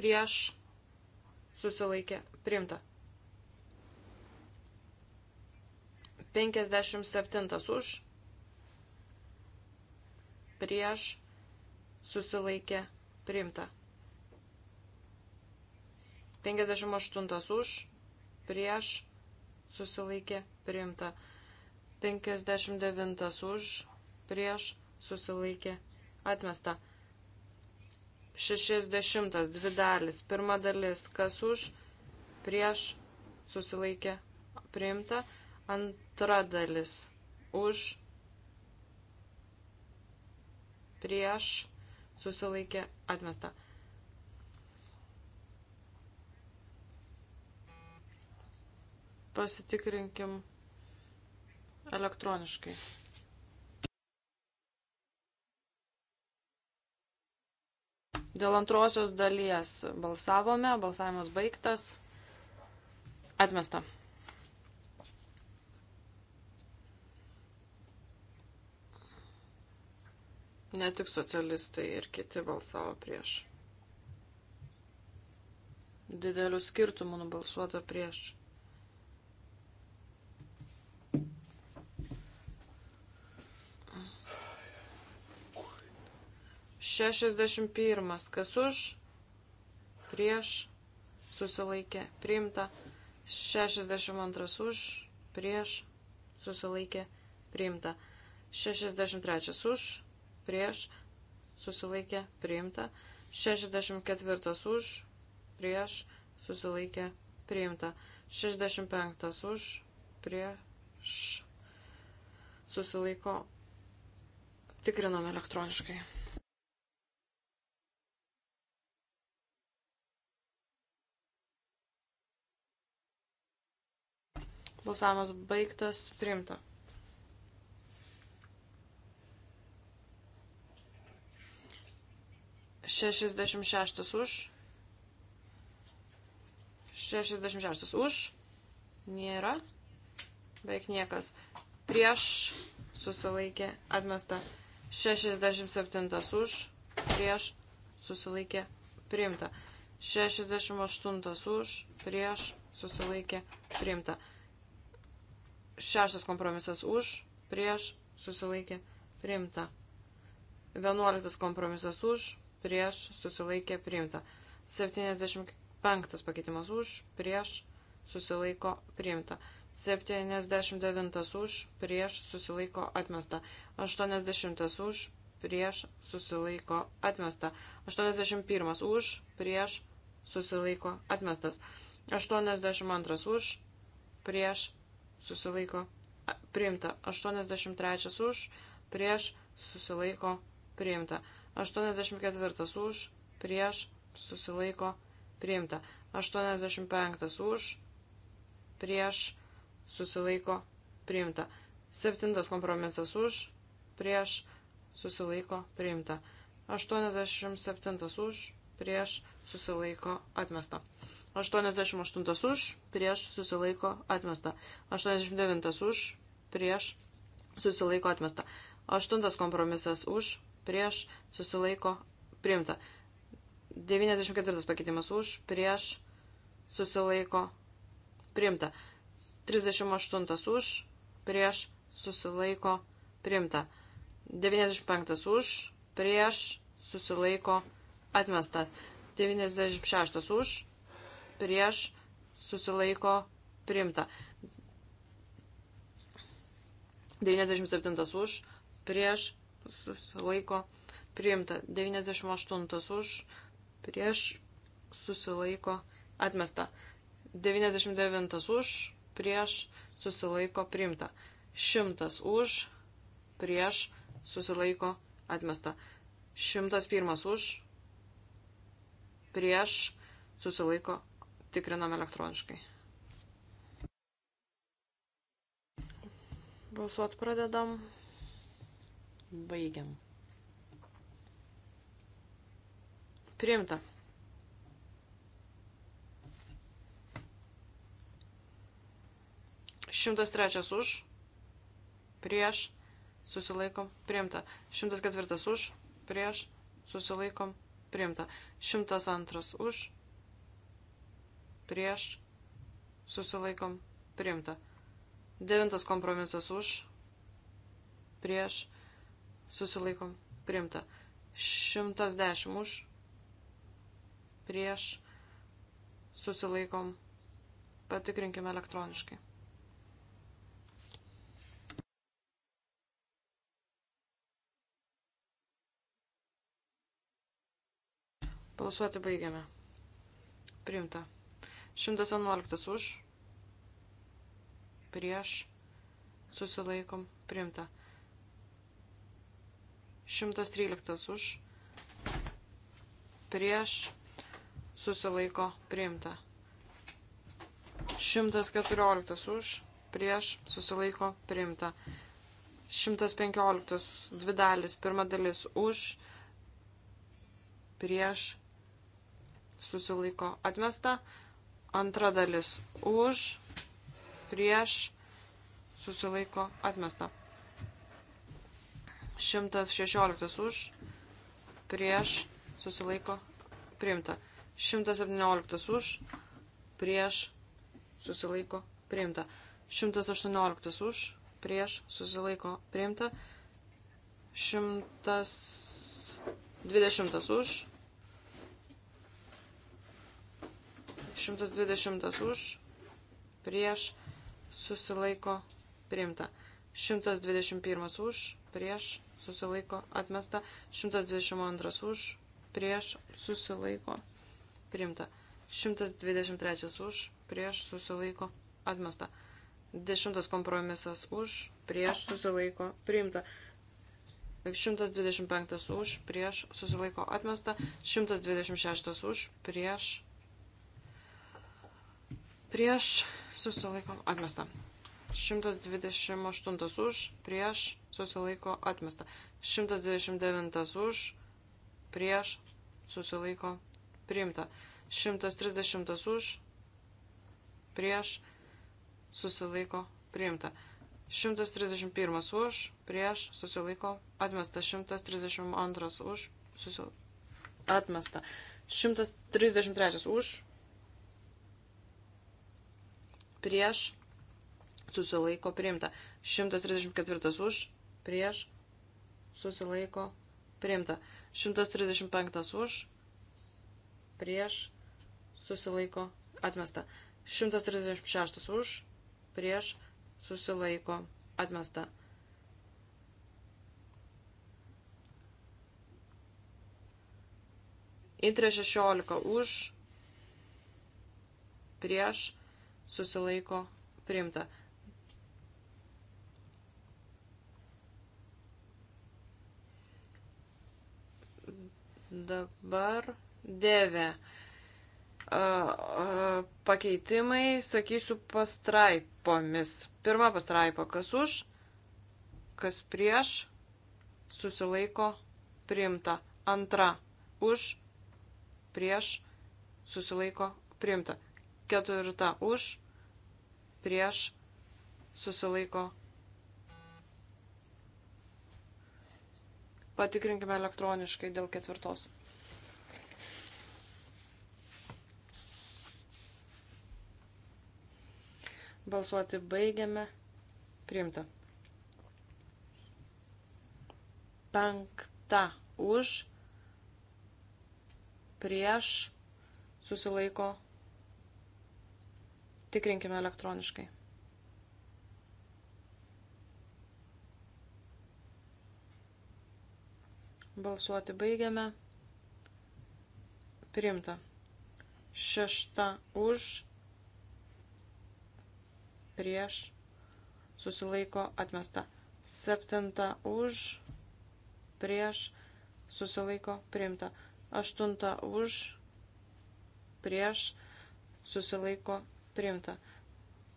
Prieš susilaikė. Primta. 57 už prieš, susilaikė, priimta. 58 už, prieš, susilaikė, priimta. 59 už, prieš, susilaikė, atmesta. 60 dvi dalis, pirma dalis, kas už, prieš, susilaikė, priimta. Antra dalis, už, prieš susilaikė atmesta. Pasitikrinkim elektroniškai. Dėl antrosios dalies balsavome, balsavimas baigtas, atmesta. Ne tik socialistai ir kiti balsavo prieš. Didelių skirtumų nubalsuota prieš. Šešiasdešimt pirmas. Kas už? Prieš. Susilaikė. Priimta. Šešiasdešimt antras už. Prieš. Susilaikė. Priimta. Šešiasdešimt trečias už prieš, susilaikė, priimta. 64 už, prieš, susilaikė, priimta. 65 už, prieš, susilaiko, tikrinam elektroniškai. Balsavimas baigtas, priimta. 66 už. 66 už. Nėra. Beveik niekas. Prieš susilaikė atmesta. 67 už. Prieš susilaikė priimta. 68 už. Prieš susilaikė priimta. Šeštas kompromisas už. Prieš susilaikė priimta. 11 kompromisas už prieš susilaikė priimta. 75 pakeitimas už, prieš susilaiko priimta. 79 už, prieš susilaiko atmesta. 80 už, prieš susilaiko atmesta. 81 už, prieš susilaiko atmestas. 82 už, prieš susilaiko priimta. 83 už, prieš susilaiko priimta. 84 už, prieš, susilaiko, priimta. 85 už, prieš, susilaiko, priimta. 7 kompromisas už, prieš, susilaiko, priimta. 87 už, prieš, susilaiko, atmesta. 88 už, prieš, susilaiko, atmesta. 89 už, prieš, susilaiko, atmesta. 8 kompromisas už, prieš, susilaiko, priimta. 94 pakeitimas už, prieš, susilaiko, priimta. 38 už, prieš, susilaiko, priimta. 95 už, prieš, susilaiko, atmesta. 96 už, prieš, susilaiko, priimta. 97 už, prieš, susilaiko priimta. 98 už prieš susilaiko atmesta. 99 už prieš susilaiko priimta. 100 už prieš susilaiko atmesta. 101 už prieš susilaiko tikrinam elektroniškai. Balsuot pradedam. Baigiam. Priimta. Šimtas trečias už. Prieš. Susilaikom. Priimta. Šimtas ketvirtas už. Prieš. Susilaikom. Priimta. Šimtas antras už. Prieš. Susilaikom. Priimta. Devintas kompromisas už. Prieš susilaikom primta. 110 už, prieš, susilaikom, patikrinkime elektroniškai. Balsuoti baigiame. Primta. 111 už, prieš, susilaikom, primta. 113 už, prieš, susilaiko priimta. 114 už, prieš, susilaiko priimta. 115 dvi dalis, pirma dalis už, prieš, susilaiko atmesta, antra dalis už, prieš, susilaiko atmesta. 116 už, prieš, susilaiko, priimta. 117 už, prieš, susilaiko, priimta. 118 už, prieš, susilaiko, priimta. 120 už, 120 už, prieš, susilaiko, priimta. 121 už, prieš, susilaiko atmesta, 122 už, prieš susilaiko priimta, 123 už, prieš susilaiko atmesta, 10 kompromisas už, prieš susilaiko priimta. 125 už, prieš, susilaiko atmesta, 126 už, prieš, prieš, susilaiko atmesta. 128 už, prieš, susilaiko atmesta. 129 už, prieš, susilaiko priimta. 130 už, prieš, susilaiko priimta. 131 už, prieš, susilaiko, atmesta. 132 už, susilaiko, atmesta. 133 už, prieš, susilaiko priimta. 134 už, prieš, susilaiko priimta. 135 už, prieš, susilaiko atmesta. 136 už, prieš, susilaiko atmesta. Intrė 16 už, prieš, susilaiko priimta. Dabar dėvė. Pakeitimai, sakysiu, pastraipomis. Pirma pastraipa, kas už, kas prieš, susilaiko, priimta. Antra, už, prieš, susilaiko, priimta. Ketvirta, už, prieš, susilaiko, priimta Patikrinkime elektroniškai dėl ketvirtos. Balsuoti baigiame. Priimta. Penkta už. Prieš. Susilaiko. Tikrinkime elektroniškai. Balsuoti baigiame. Priimta. Šešta už, prieš, susilaiko atmesta. Septinta už, prieš, susilaiko priimta. Aštunta už, prieš, susilaiko priimta.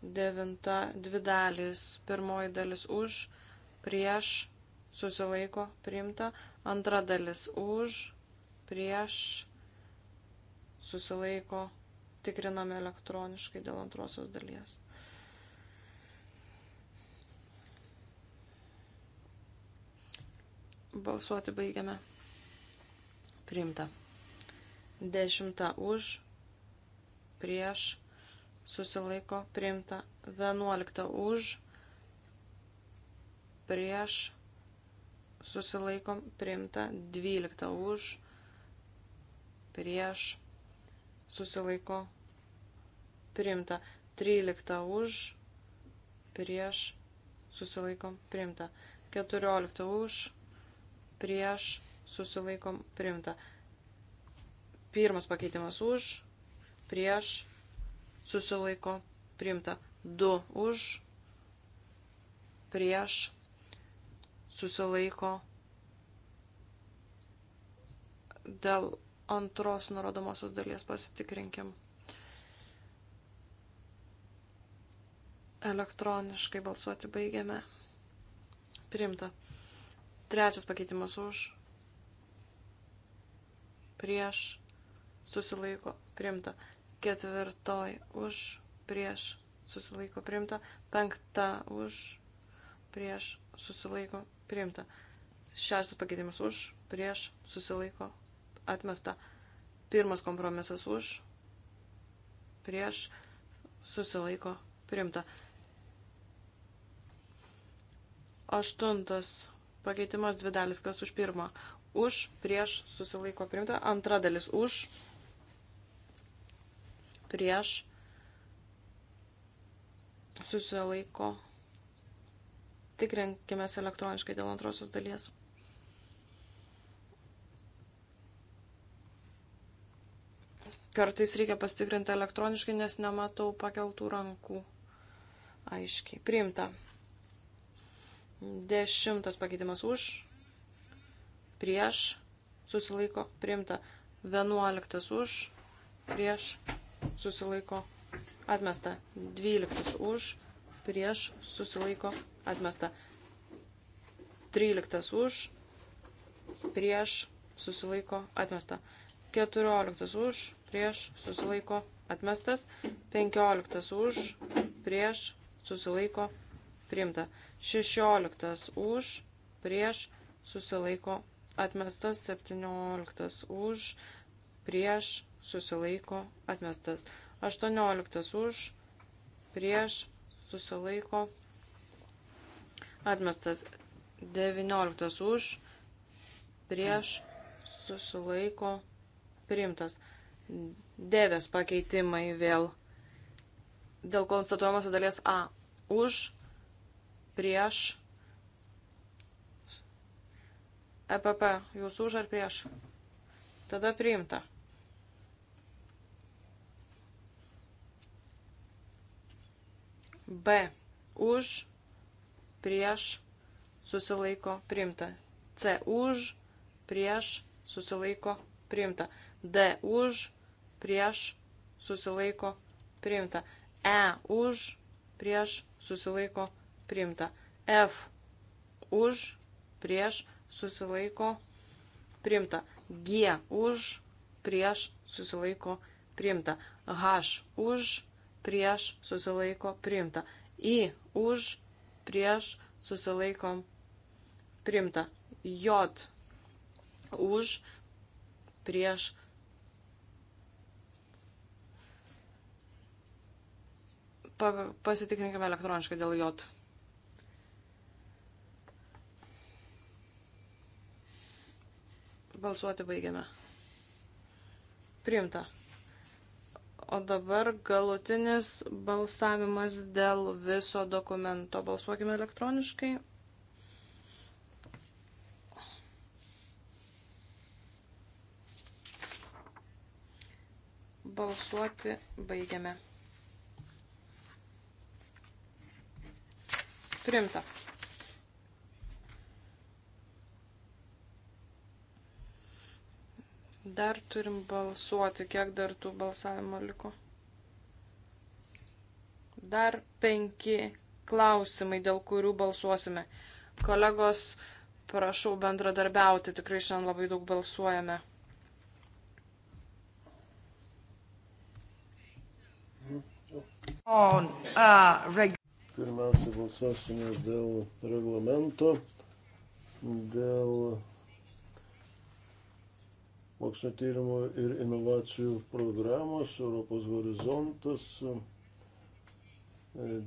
Devinta dvi dalis. Pirmoji dalis už, prieš, susilaiko priimta. Antra dalis už, prieš, susilaiko, tikriname elektroniškai dėl antrosios dalies. Balsuoti baigiame. Priimta. Dešimta už, prieš, susilaiko, priimta. Vienuolikta už, prieš, susilaiko susilaikom primta, 12 už, prieš susilaiko primta, 13 už, prieš susilaikom primta, 14 už, prieš susilaikom primta. Pirmas pakeitimas už, prieš susilaiko primta, 2 už, prieš susilaiko primta susilaiko dėl antros nurodomosios dalies pasitikrinkim. Elektroniškai balsuoti baigiame. Priimta. Trečias pakeitimas už. Prieš. Susilaiko. Priimta. Ketvirtoj už. Prieš. Susilaiko. Priimta. Penkta už. Prieš. Susilaiko priimta. Šeštas pakeitimas už, prieš, susilaiko, atmesta. Pirmas kompromisas už, prieš, susilaiko, priimta. Aštuntas pakeitimas dvi dalis, kas už pirmą. Už, prieš, susilaiko, priimta. Antra dalis už, prieš, susilaiko, priimta Tikrinkime elektroniškai dėl antrosios dalies. Kartais reikia pastikrinti elektroniškai, nes nematau pakeltų rankų. Aiškiai. Priimta. Dešimtas pakeitimas už. Prieš. Susilaiko. Priimta. Vienuoliktas už. Prieš. Susilaiko. Atmesta. Dvyliktas už. Prieš prieš susilaiko atmesta. 13 už prieš susilaiko atmesta. 14 už prieš susilaiko atmestas. 15 už prieš susilaiko priimta. 16 už prieš susilaiko atmestas. 17 už prieš susilaiko atmestas. 18 už prieš susilaiko atmestas 19 už, prieš susilaiko priimtas. Devės pakeitimai vėl dėl konstatuojamosios dalies A. Už, prieš, EPP, jūs už ar prieš. Tada priimta. B už, prieš, susilaiko primta. C už, prieš, susilaiko primta. D už, prieš, susilaiko primta. E už, prieš, susilaiko primta. F už, prieš, susilaiko primta. G už, prieš, susilaiko primta. H už, prieš susilaiko priimta. Į už prieš susilaikom priimta. J už prieš pa, pasitikrinkime elektroniškai dėl J. Balsuoti baigiame. Priimta. O dabar galutinis balsavimas dėl viso dokumento. Balsuokime elektroniškai. Balsuoti baigiame. Primta. Dar turim balsuoti, kiek dar tų balsavimo liko. Dar penki klausimai, dėl kurių balsuosime. Kolegos, prašau bendradarbiauti, tikrai šiandien labai daug balsuojame. Pirmiausia, balsuosime dėl reglamento, dėl mokslo tyrimų ir inovacijų programos, Europos horizontas e,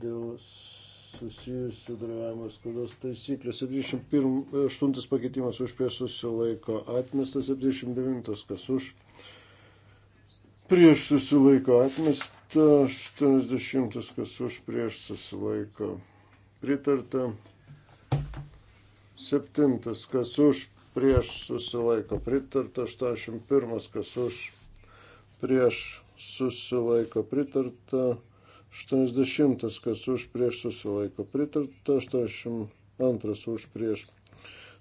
dėl susijusių dalyvavimo sklaidos taisyklės. 78 pakeitimas už prieš susilaiko atmestas, 79 kas už prieš susilaiko atmestą, 80 kas už prieš susilaiko pritarta, 7 kas už prieš susilaiko pritarta, 81 kas už, prieš susilaiko pritarta, 80 kas už, prieš susilaiko pritarta, 82 už, prieš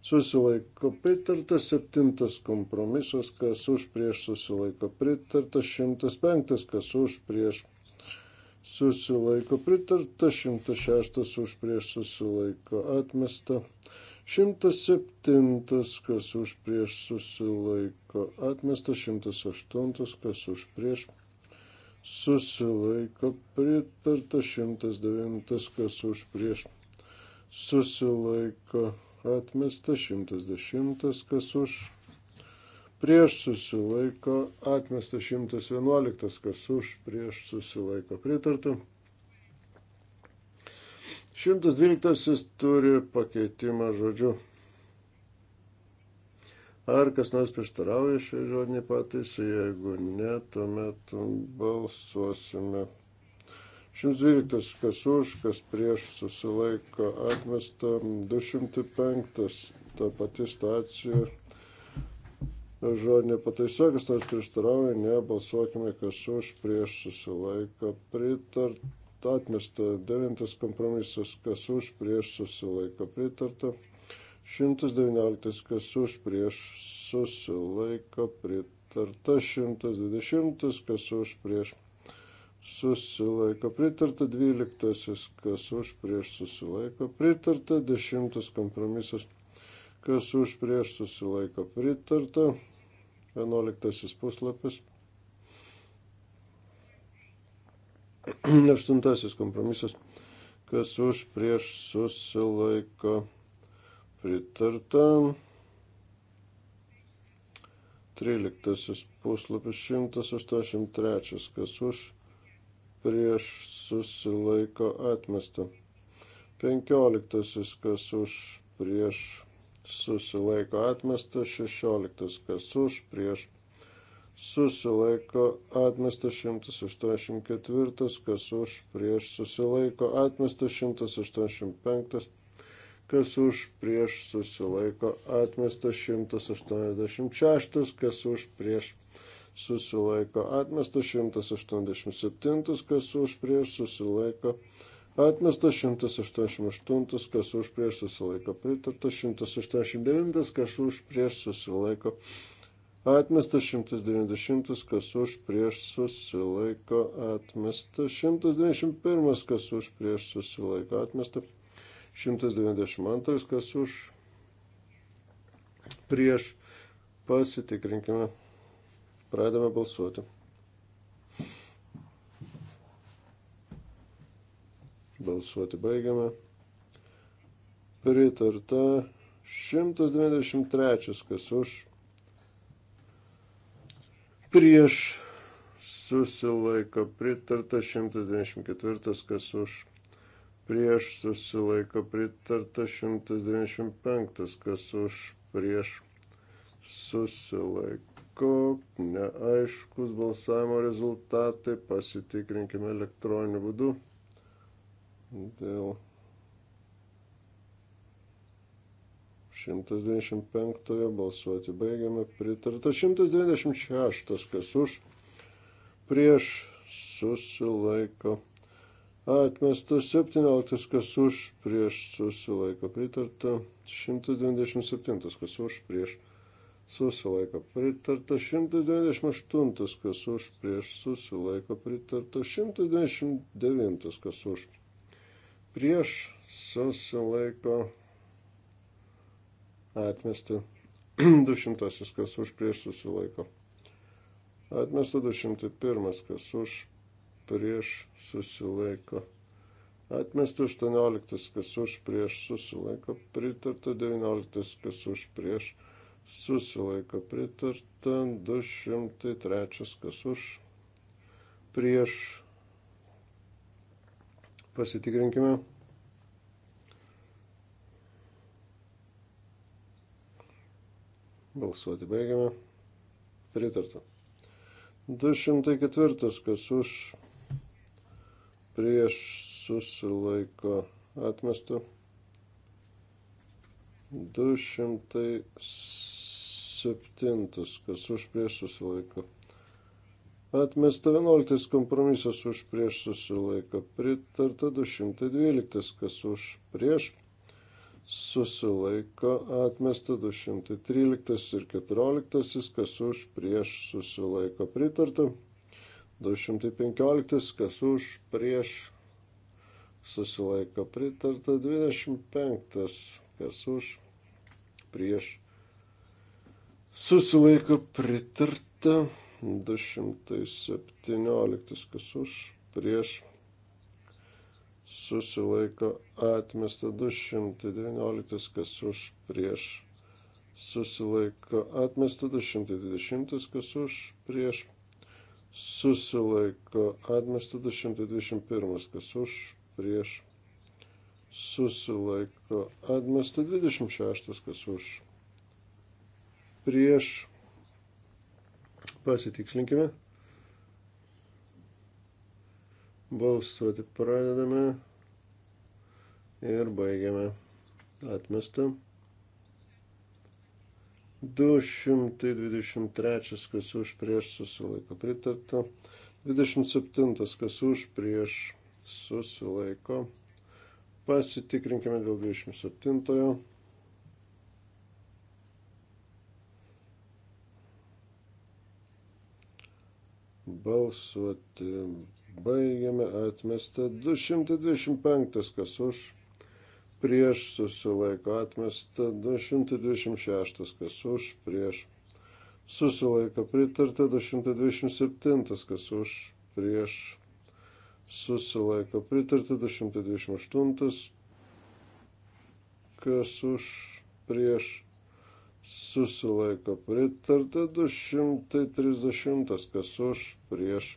susilaiko pritarta, 7 kompromisas, kas už, prieš susilaiko pritarta, 105 kas už, prieš susilaiko pritarta, 106 už, prieš susilaiko atmesta. 107, kas už prieš susilaiko atmestas, 108, kas už prieš susilaiko pritarta, 109, kas už prieš susilaiko atmestas, 110, kas už prieš susilaiko atmestas, 111, kas už prieš susilaiko pritarta. 112 turi pakeitimą žodžiu. Ar kas nors prieštarauja šį žodinį pataisą, jeigu ne, tuomet balsuosime. 112, kas už, kas prieš susilaiko atmesta, 205, ta pati stacija žodinė pataisa, kas nors prieštarauja, ne, balsuokime, kas už, prieš susilaiko pritarta atmesta. Devintas kompromisas, kas už, prieš susilaiko pritarta. 119, kas už, prieš susilaiko pritarta. 120, kas už, prieš susilaiko pritarta. 12, kas už, prieš susilaiko pritarta. 10 kompromisas, kas už, prieš susilaiko pritarta. 11 puslapis. Aštuntasis kompromisas, kas už prieš susilaiko pritarta. Tryliktasis puslapis 183, kas už prieš susilaiko atmesta. Penkioliktasis, kas už prieš susilaiko atmesta. Šešioliktas, kas už prieš susilaiko atmestas 184, kas už prieš susilaiko atmestas 185, kas už prieš susilaiko atmestas 186, kas už prieš susilaiko atmestas 187, kas už prieš susilaiko atmestas. Atmestas 188, kas už prieš susilaiko. Pritartas 189, kas už prieš susilaiko. Atmestas 190, kas už prieš susilaiko, atmestas 191, kas už prieš susilaiko, atmestas 192, kas už prieš pasitikrinkime, pradame balsuoti. Balsuoti baigiame. Pritarta 193, kas už prieš susilaiko pritarta 194, kas už prieš susilaiko pritarta 195, kas už prieš susilaiko. Neaiškus balsavimo rezultatai pasitikrinkime elektroniniu būdu. Dėl 125 balsuoti baigiame pritarta. 126 kas už prieš susilaiko. Atmestas 17 kas už prieš susilaiko pritarta. 127 kas už prieš susilaiko pritarta. 128 kas už prieš susilaiko pritarta. 129 kas už prieš susilaiko pritarta atmesta. 200 kas už prieš susilaiko. Atmesta 201 kas už prieš susilaiko. Atmesta 18 kas už prieš susilaiko. Pritarta 19 kas už prieš susilaiko. Pritarta 203 kas už prieš. Pasitikrinkime. Balsuoti baigiame. Pritarta. 204, kas už prieš susilaiko atmesta. 207, kas už prieš susilaiko. Atmesta 11 kompromisas už prieš susilaiko. Pritarta 212, kas už prieš susilaiko atmesta 213 ir 14, kas už prieš susilaiko pritarta, 215, kas už prieš susilaiko pritarta, 25, kas už prieš susilaiko pritarta, 217, kas už prieš susilaiko atmesta 219, kas už prieš susilaiko atmesta 220, kas už prieš susilaiko atmesta 221, kas už prieš susilaiko atmesta 26, kas už prieš pasitikslinkime balsuoti pradedame ir baigiame atmestą. 223 kas už prieš susilaiko pritarta. 27 kas už prieš susilaiko. Pasitikrinkime dėl 27. Balsuoti baigiame atmestą 225 kas už prieš susilaiko atmesta 226, kas už prieš susilaiko pritarta 227, kas už prieš susilaiko pritarta 228, kas už prieš susilaiko pritarta 230, kas už prieš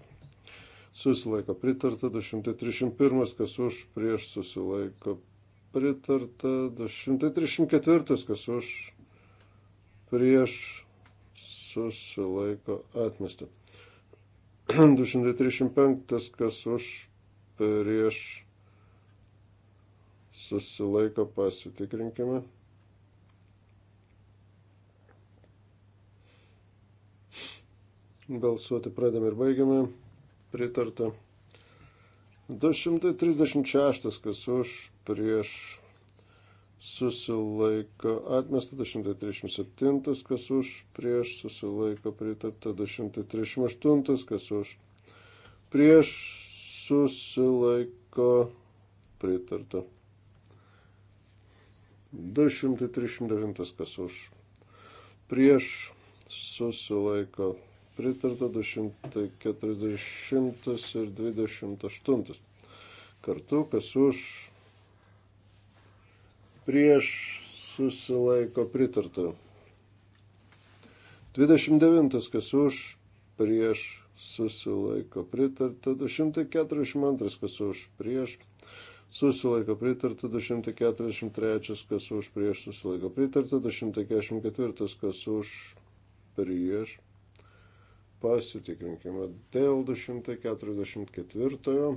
susilaiko pritarta 231, kas už prieš susilaiko pritarta pritarta 234, kas už prieš susilaiko atmesti. 235, kas už prieš susilaiko pasitikrinkime. Balsuoti pradėm ir baigiame. Pritarta. 236, kas už, prieš susilaiko atmesta, 237, kas už, prieš susilaiko pritarta, 238, kas už, prieš susilaiko pritarta. 239, kas už, prieš susilaiko pritarta pritarta 240 ir 28. Kartu, kas už prieš susilaiko pritarta. 29. kas už prieš susilaiko pritarta. 242. kas už prieš susilaiko pritarta 243, kas už prieš susilaiko pritarta 244, kas už prieš Pasitikrinkime dėl 244.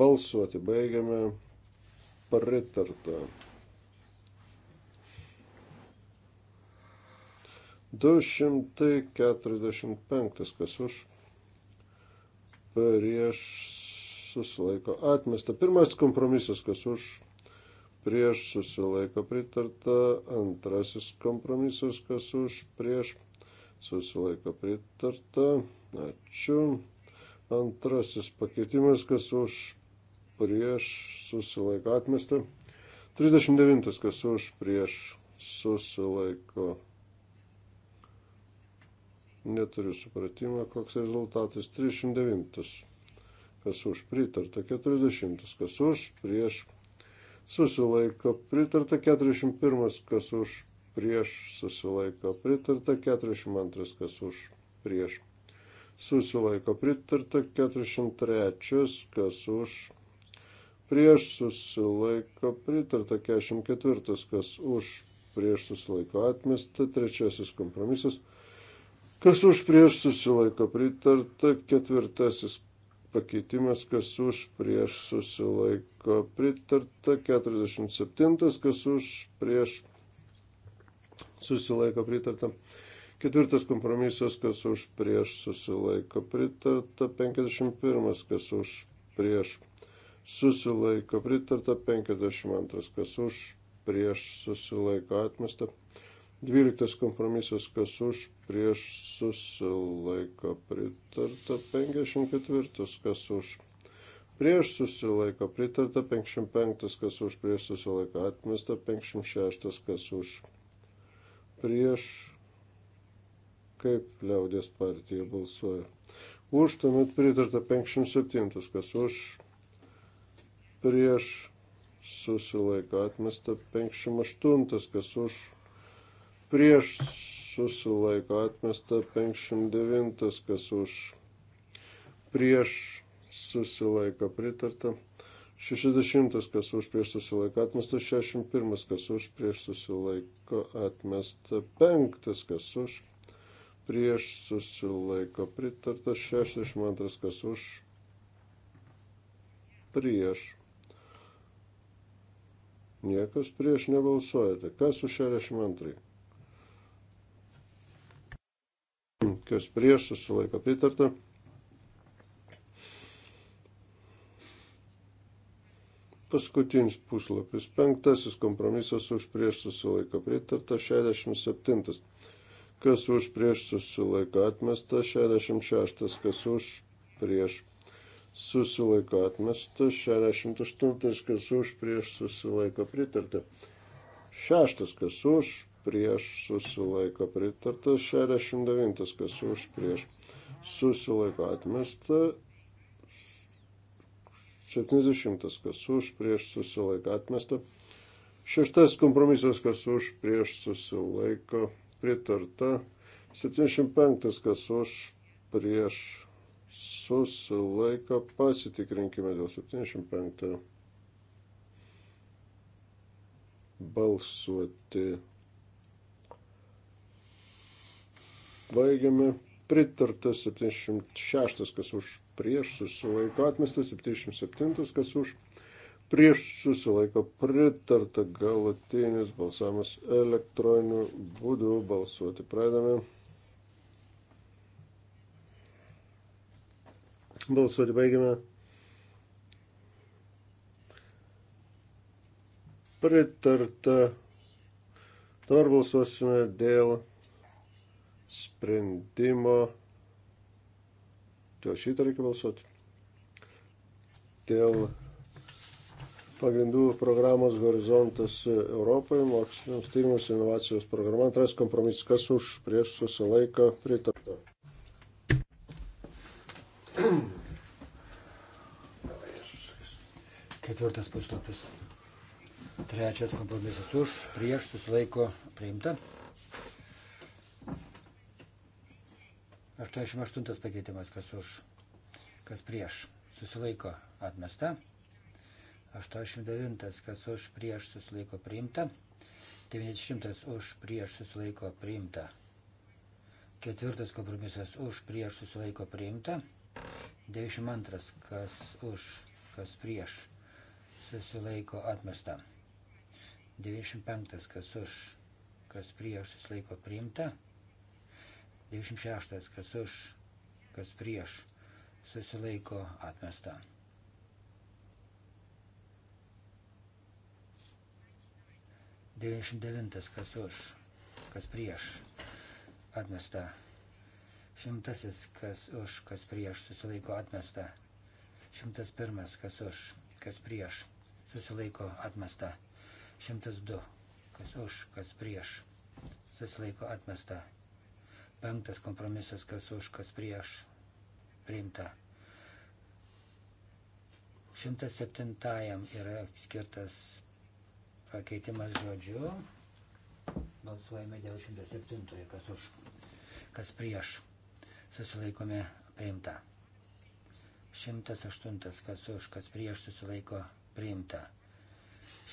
Balsuoti baigiame. Pritarta. 245. Kas už? Prieš susilaiko atmesta. Pirmas kompromisas, kas už prieš susilaiko pritarta, antrasis kompromisas, kas už prieš susilaiko pritarta, ačiū. Antrasis pakeitimas, kas už prieš susilaiko atmesta. 39, kas už prieš susilaiko. Neturiu supratimą, koks rezultatas. 309, kas už pritarta. 40, kas už prieš susilaiko pritarta 41, kas už prieš susilaiko pritarta 42, kas už prieš susilaiko pritarta 43, kas už prieš susilaiko pritarta 44, kas už prieš susilaiko atmesta trečiasis kompromisas. Kas už prieš susilaiko pritarta ketvirtasis pakeitimas, kas už, prieš susilaiko pritarta, 47, kas už, prieš susilaiko pritarta. Ketvirtas kompromisas, kas už prieš susilaiko pritarta, 51, kas už prieš susilaiko pritarta, 52, kas už prieš susilaiko atmesta, 12 kompromisas, kas už, prieš susilaiko pritarta 54, kas už, prieš susilaiko pritarta 55, kas už, prieš susilaiko atmesta 56, kas už, prieš kaip liaudės partija balsuoja. Už tuomet pritarta 57, kas už, prieš susilaiko atmesta 58, kas už, prieš susilaiko atmesta 59, kas už prieš susilaiko pritarta. 60, kas už prieš susilaiko atmesta, 61, kas už prieš susilaiko atmesta, 5, kas už prieš susilaiko pritarta, 62, kas už prieš. Niekas prieš nebalsuojate. Kas už 62? kas prieš, susilaiko pritarta. Paskutinis puslapis. Penktasis kompromisas už prieš susilaiko pritarta. 67. Kas už prieš susilaiko atmesta. 66. Kas už prieš susilaiko atmesta. 68. Kas už prieš susilaiko pritarta. Šeštas. Kas už prieš susilaiko pritarta, 69 kas už prieš susilaiko atmesta, 70 kas už prieš susilaiko atmesta, 6 kompromisas kas už prieš susilaiko pritarta, 75 kas už prieš susilaiko pasitikrinkime dėl 75 balsuoti Baigiame. Pritarta 76, kas už prieš susilaiko atmestas, 77, kas už prieš susilaiko pritarta galutinis balsavimas elektroniniu būdu. Balsuoti pradame. Balsuoti baigiame. Pritarta. Dabar balsuosime dėl sprendimo. Dėl šitą reikia balsuoti. Dėl pagrindų programos Horizontas Europoje, moksliniams tyrimus, inovacijos programa, antras kompromisas, kas už prieš susilaiko pritarta. Ketvirtas puslapis. Trečias kompromisas už prieš susilaiko priimta. 88 pakeitimas, kas už, kas prieš, susilaiko atmesta. 89, kas už, prieš, susilaiko priimta. 90 už, prieš, susilaiko priimta. Ketvirtas kompromisas už, prieš, susilaiko priimta. 92, kas už, kas prieš, susilaiko atmesta. 95, kas už, kas prieš, susilaiko priimta. 96. Kas už, kas prieš, susilaiko atmesta. 99. Kas už, kas prieš, atmesta. Šimtasis, kas už, kas prieš, susilaiko atmesta. Šimtas pirmas, kas už, kas prieš, susilaiko atmesta. Šimtas du, kas už, kas prieš, susilaiko atmesta. Penktas kompromisas, kas už, kas prieš. Priimta. 107 yra skirtas pakeitimas žodžiu. Balsuojame dėl 107, kas už, kas prieš. Susilaikome priimta. 108, kas už, kas prieš susilaiko priimta.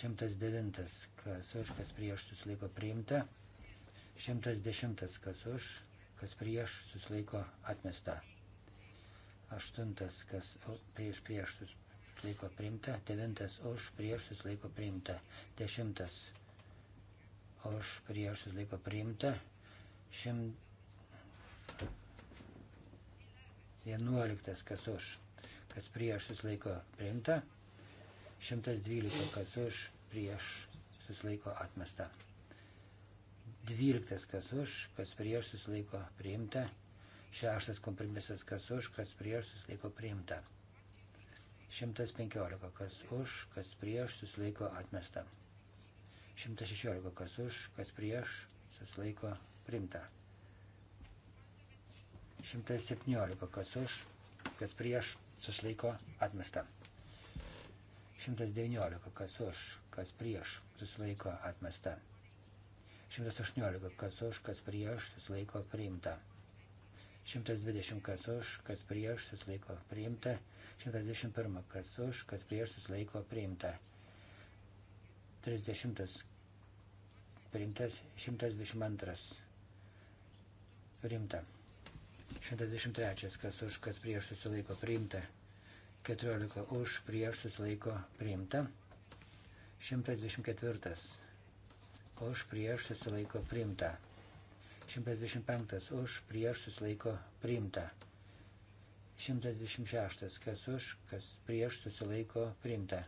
109, kas už, kas prieš susilaiko priimta. 110, kas už, kas prieš susilaiko atmesta. Aštuntas, kas prieš prieš susilaiko priimta. Devintas, už prieš susilaiko priimta. Dešimtas, už prieš susilaiko priimta. Šim... Vienuoliktas, kas už, kas prieš susilaiko priimta. 112 kas už prieš susilaiko atmesta. 12. Kas už, kas prieš susilaiko priimta. 6. Kompromisas. Kas už, kas prieš susilaiko priimta. 115. Kas už, kas prieš susilaiko atmesta. 116. Kas už, kas prieš susilaiko priimta. 117. Kas už, kas prieš susilaiko atmesta. 119. Kas už, kas prieš susilaiko atmesta. 118 kas už, kas prieš, susilaiko priimta. 120 kas už, kas prieš, susilaiko priimta. 121 kas už, kas prieš, susilaiko priimta. 30 priimtas, 122 priimta. 123 kas už, kas prieš, susilaiko priimta. 14 už, prieš, susilaiko priimta. 124 už prieš susilaiko priimta. 125 už prieš susilaiko priimta. 126 kas už, kas prieš susilaiko priimta.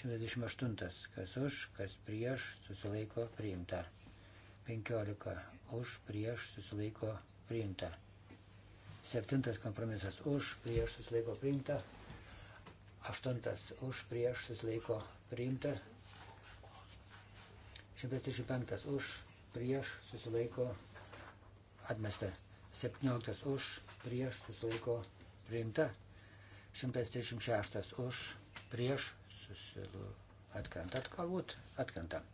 128 kas už, kas prieš susilaiko priimta. 15 už prieš susilaiko priimta. 7 kompromisas už prieš susilaiko priimta. 8 už prieš susilaiko priimta. 135 už, prieš, susilaiko, atmesta. 17 už, prieš, susilaiko, priimta. 136 už, prieš, susilaiko, atkanta, galbūt, atkanta.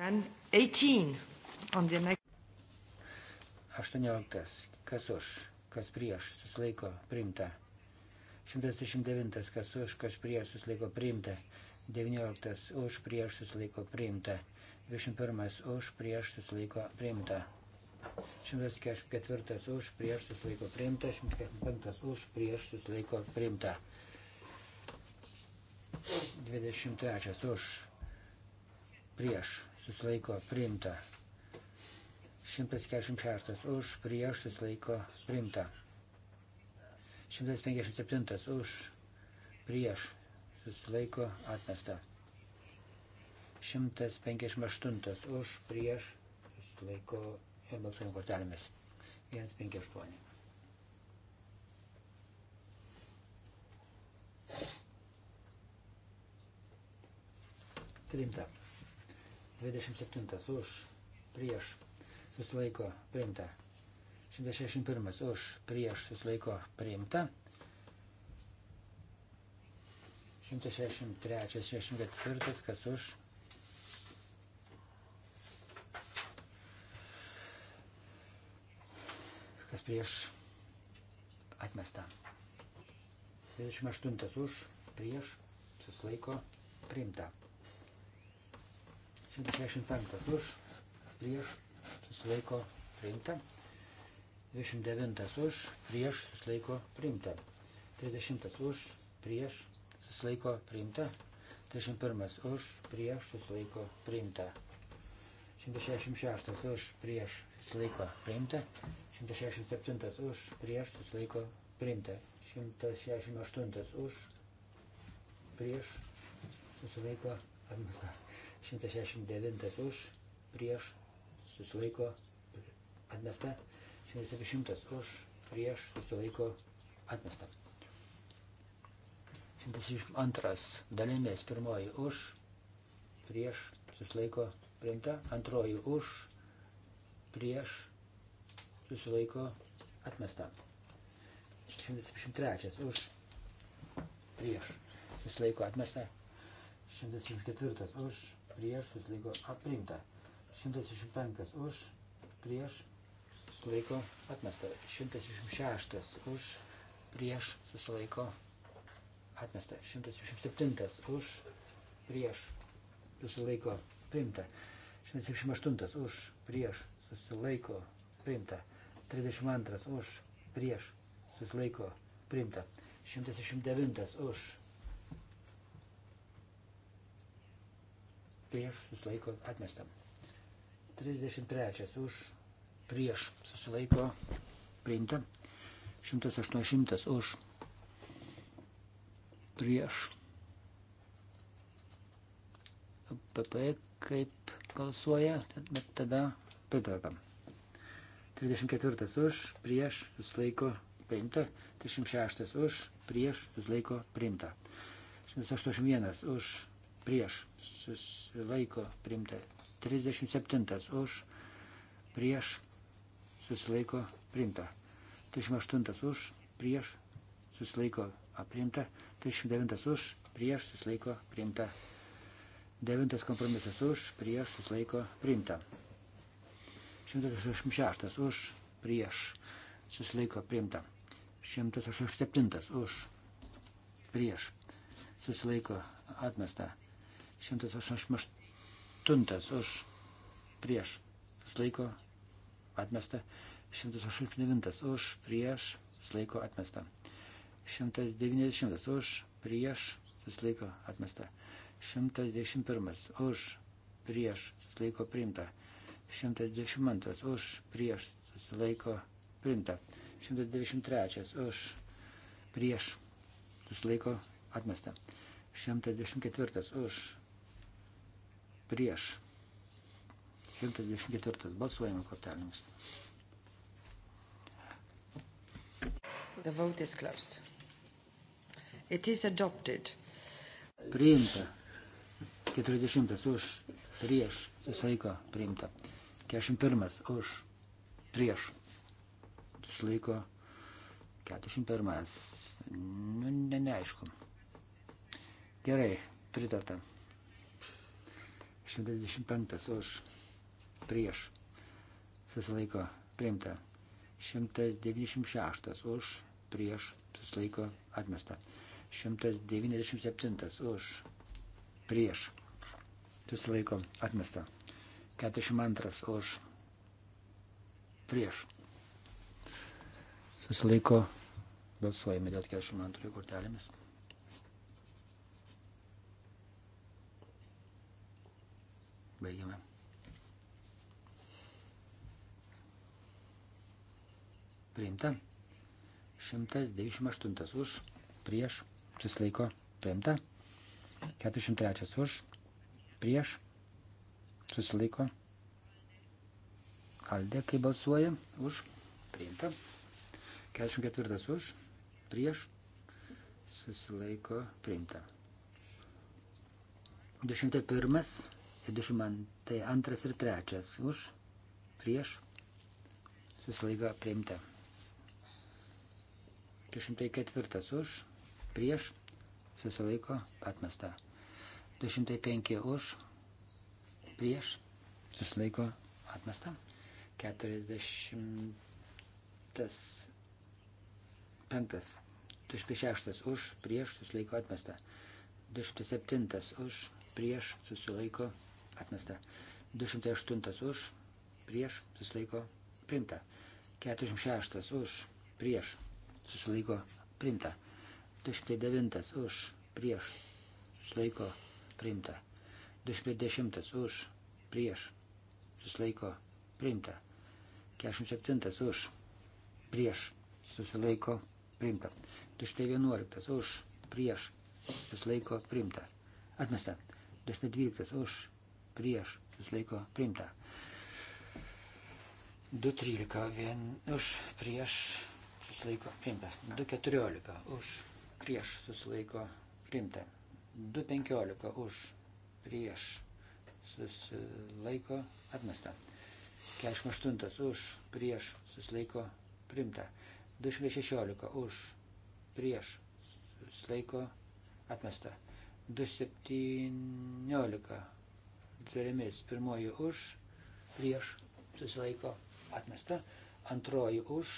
And 18 on the next. 18. Kas už, kas prieš, susilaiko, priimta. 139. Kas už, kas prieš, susilaiko, priimta. 19 už prieš susilaiko priimta. 21 už prieš susilaiko priimta. 144 už prieš susilaiko priimta. 145 už prieš susilaiko priimta. 23 už prieš susilaiko priimta. 146 už prieš susilaiko priimta. 157 už prieš susilaiko atmesta. 158 už prieš susilaiko ir balsuojimo kortelėmis. 158. Trimta. 27 už prieš susilaiko priimta. 161 už prieš susilaiko priimta. 163, 64, kas už. Kas prieš atmestą. 28 už, prieš, susilaiko, priimta. 165 už, prieš, susilaiko, priimta. 29 už, prieš, susilaiko, priimta. 30 už, prieš, susilaiko priimta. 31 už, prieš susilaiko priimta. 166 už, prieš susilaiko priimta. 167 už, prieš susilaiko priimta. 168 už, prieš susilaiko atmesta. 169 už, prieš susilaiko atmesta. 170 už, prieš susilaiko atmesta. 72 dalimis. Pirmoji už, prieš, susilaiko priimta. Antroji už, prieš, susilaiko atmesta. 173 už, prieš, susilaiko atmesta. 174 už, prieš, susilaiko aprimta. 175 už, prieš, susilaiko atmesta. 176 už, prieš, susilaiko atmesta atmesta. 127 už, prieš, susilaiko, priimta. 178 už, prieš, susilaiko, priimta. 32 už, prieš, susilaiko, priimta. 169 už, prieš, susilaiko, atmesta. 33 už, prieš, susilaiko, priimta. 180 už, prieš prieš PP kaip balsuoja, bet tada pritardam. 34 už, prieš, jūs laiko priimta. 36 už, prieš, jūs laiko priimta. 181 už, prieš, jūs laiko priimta. 37 už, prieš, susilaiko priimta. 38 už, prieš, susilaiko priimta aprimta, 39 už, prieš susilaiko primta, 9 kompromisas už, prieš susilaiko primta, 186 už, prieš susilaiko primta, 187 už, prieš susilaiko atmesta, 188 už, prieš susilaiko atmesta, 189 už, prieš susilaiko atmesta. 190 už, prieš, susilaiko atmesta. 111 už, prieš, susilaiko priimta. 122 už, prieš, susilaiko priimta. 123 už, prieš, susilaiko atmesta. 124 už, prieš. 124 balsuojame kortelėmis. The vote is closed. It is adopted. Priimta. 40 už, prieš, susilaiko, priimta. 41 už, prieš, susilaiko, 41. Nu, ne, neaišku. Gerai, pritarta. 125 už, prieš, susilaiko, priimta. 196 už, prieš, susilaiko, atmesta. 197 už prieš. Susilaiko atmesta. 42 už prieš. Susilaiko balsuojame dėl 42 kortelėmis. Baigiame. Priimta. 198 už prieš susilaiko priimta. 403 už, prieš, susilaiko. Aldė, kai balsuoja, už, priimta. 44 už, prieš, susilaiko, priimta. 201, 202 ir 3 už, prieš, susilaiko, priimta. 204 už, prieš, susilaiko atmesta. 205 už, prieš, susilaiko atmesta. 45 206 už, prieš, susilaiko atmesta. 207 už, prieš, susilaiko atmesta. 208 už, prieš, susilaiko primta. 46 už, prieš, susilaiko primta. 209 už prieš susilaiko priimta. 210 už prieš susilaiko priimta. 47 už prieš susilaiko priimta. 211 už prieš susilaiko priimta. Atmesta. 212 už prieš susilaiko priimta. 2.13 vien už prieš susilaiko priimtas. 2.14 už prieš susilaiko priimta. 2.15 už prieš susilaiko atmesta. 48 už prieš susilaiko priimta. 216 už prieš susilaiko atmesta. 217 durimis pirmoji už prieš susilaiko atmesta. Antroji už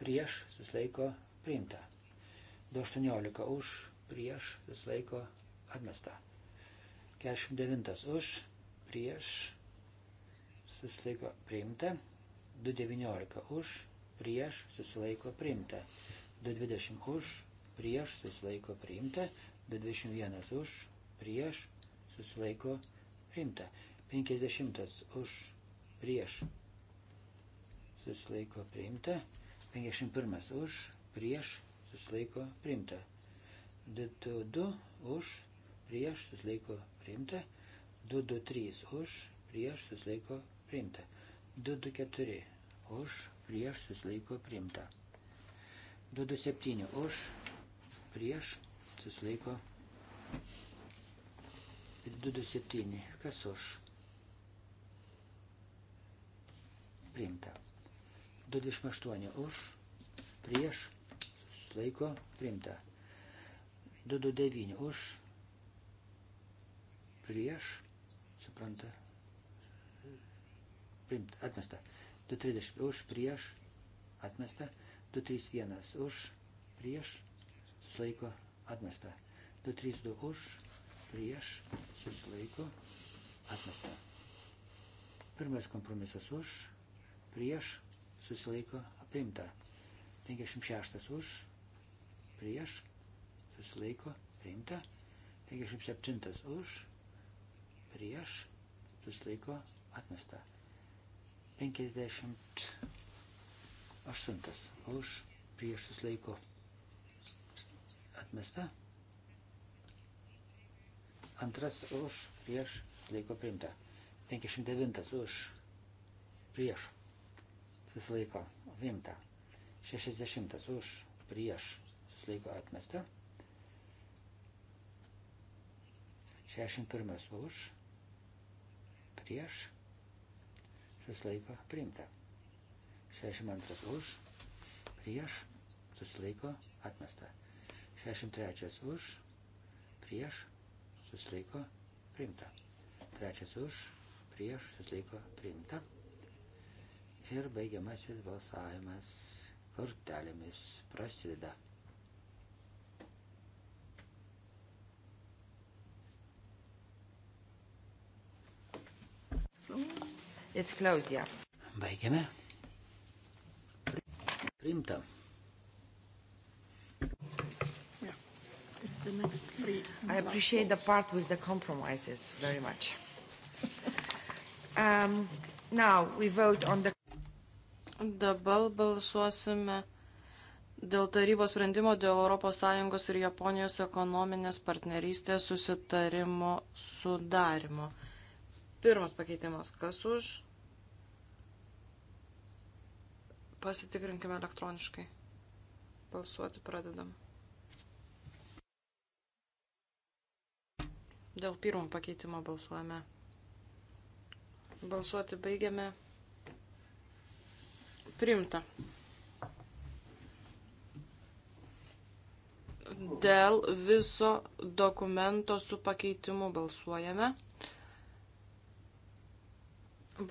prieš susilaiko priimta. 218 už, prieš, vis laiko atmesta. 49 už, prieš, susilaiko priimta. 219 už, prieš, susilaiko priimta. 220 už, prieš, susilaiko priimta. 221 už, prieš, susilaiko priimta. 50 už, prieš, susilaiko priimta. 51 už, prieš, susilaiko priimta. 222 už, prieš susilaiko priimta. 223 už, prieš susilaiko priimta. 224 už, prieš susilaiko priimta. 227 už, prieš susilaiko priimta. 227. Kas už? Priimta. 228. Už. Prieš susilaiko priimta. 229 už, prieš, supranta, priimta, atmesta. 230 už, prieš, atmesta. 231 už, prieš, susilaiko atmesta. 232 už, prieš, susilaiko atmesta. Pirmas kompromisas už, prieš, susilaiko priimta. 56 už, prieš, susilaiko, priimta. 57 už, prieš, susilaiko, atmesta. 58 už, prieš, susilaiko, atmesta. Antras už, prieš, susilaiko, priimta. 59 už, prieš, susilaiko, priimta. 60 už, prieš, susilaiko atmesta. 61 už, prieš, susilaiko priimta. 62 už, prieš, susilaiko atmesta. 63 už, prieš, susilaiko priimta. Trečias už, prieš, susilaiko priimta. Ir baigiamasis balsavimas kortelėmis prasideda. It's closed, yeah. Baigiame. Priimta. Yeah. It's the next three. I appreciate the part with the compromises very much. um, now we vote on the... Dabar balsuosime dėl tarybos sprendimo dėl ES ir Japonijos ekonominės partnerystės susitarimo sudarimo. Pirmas pakeitimas. Kas už? Pasitikrinkime elektroniškai. Balsuoti pradedam. Dėl pirmo pakeitimo balsuojame. Balsuoti baigiame. Primta. Dėl viso dokumento su pakeitimu balsuojame.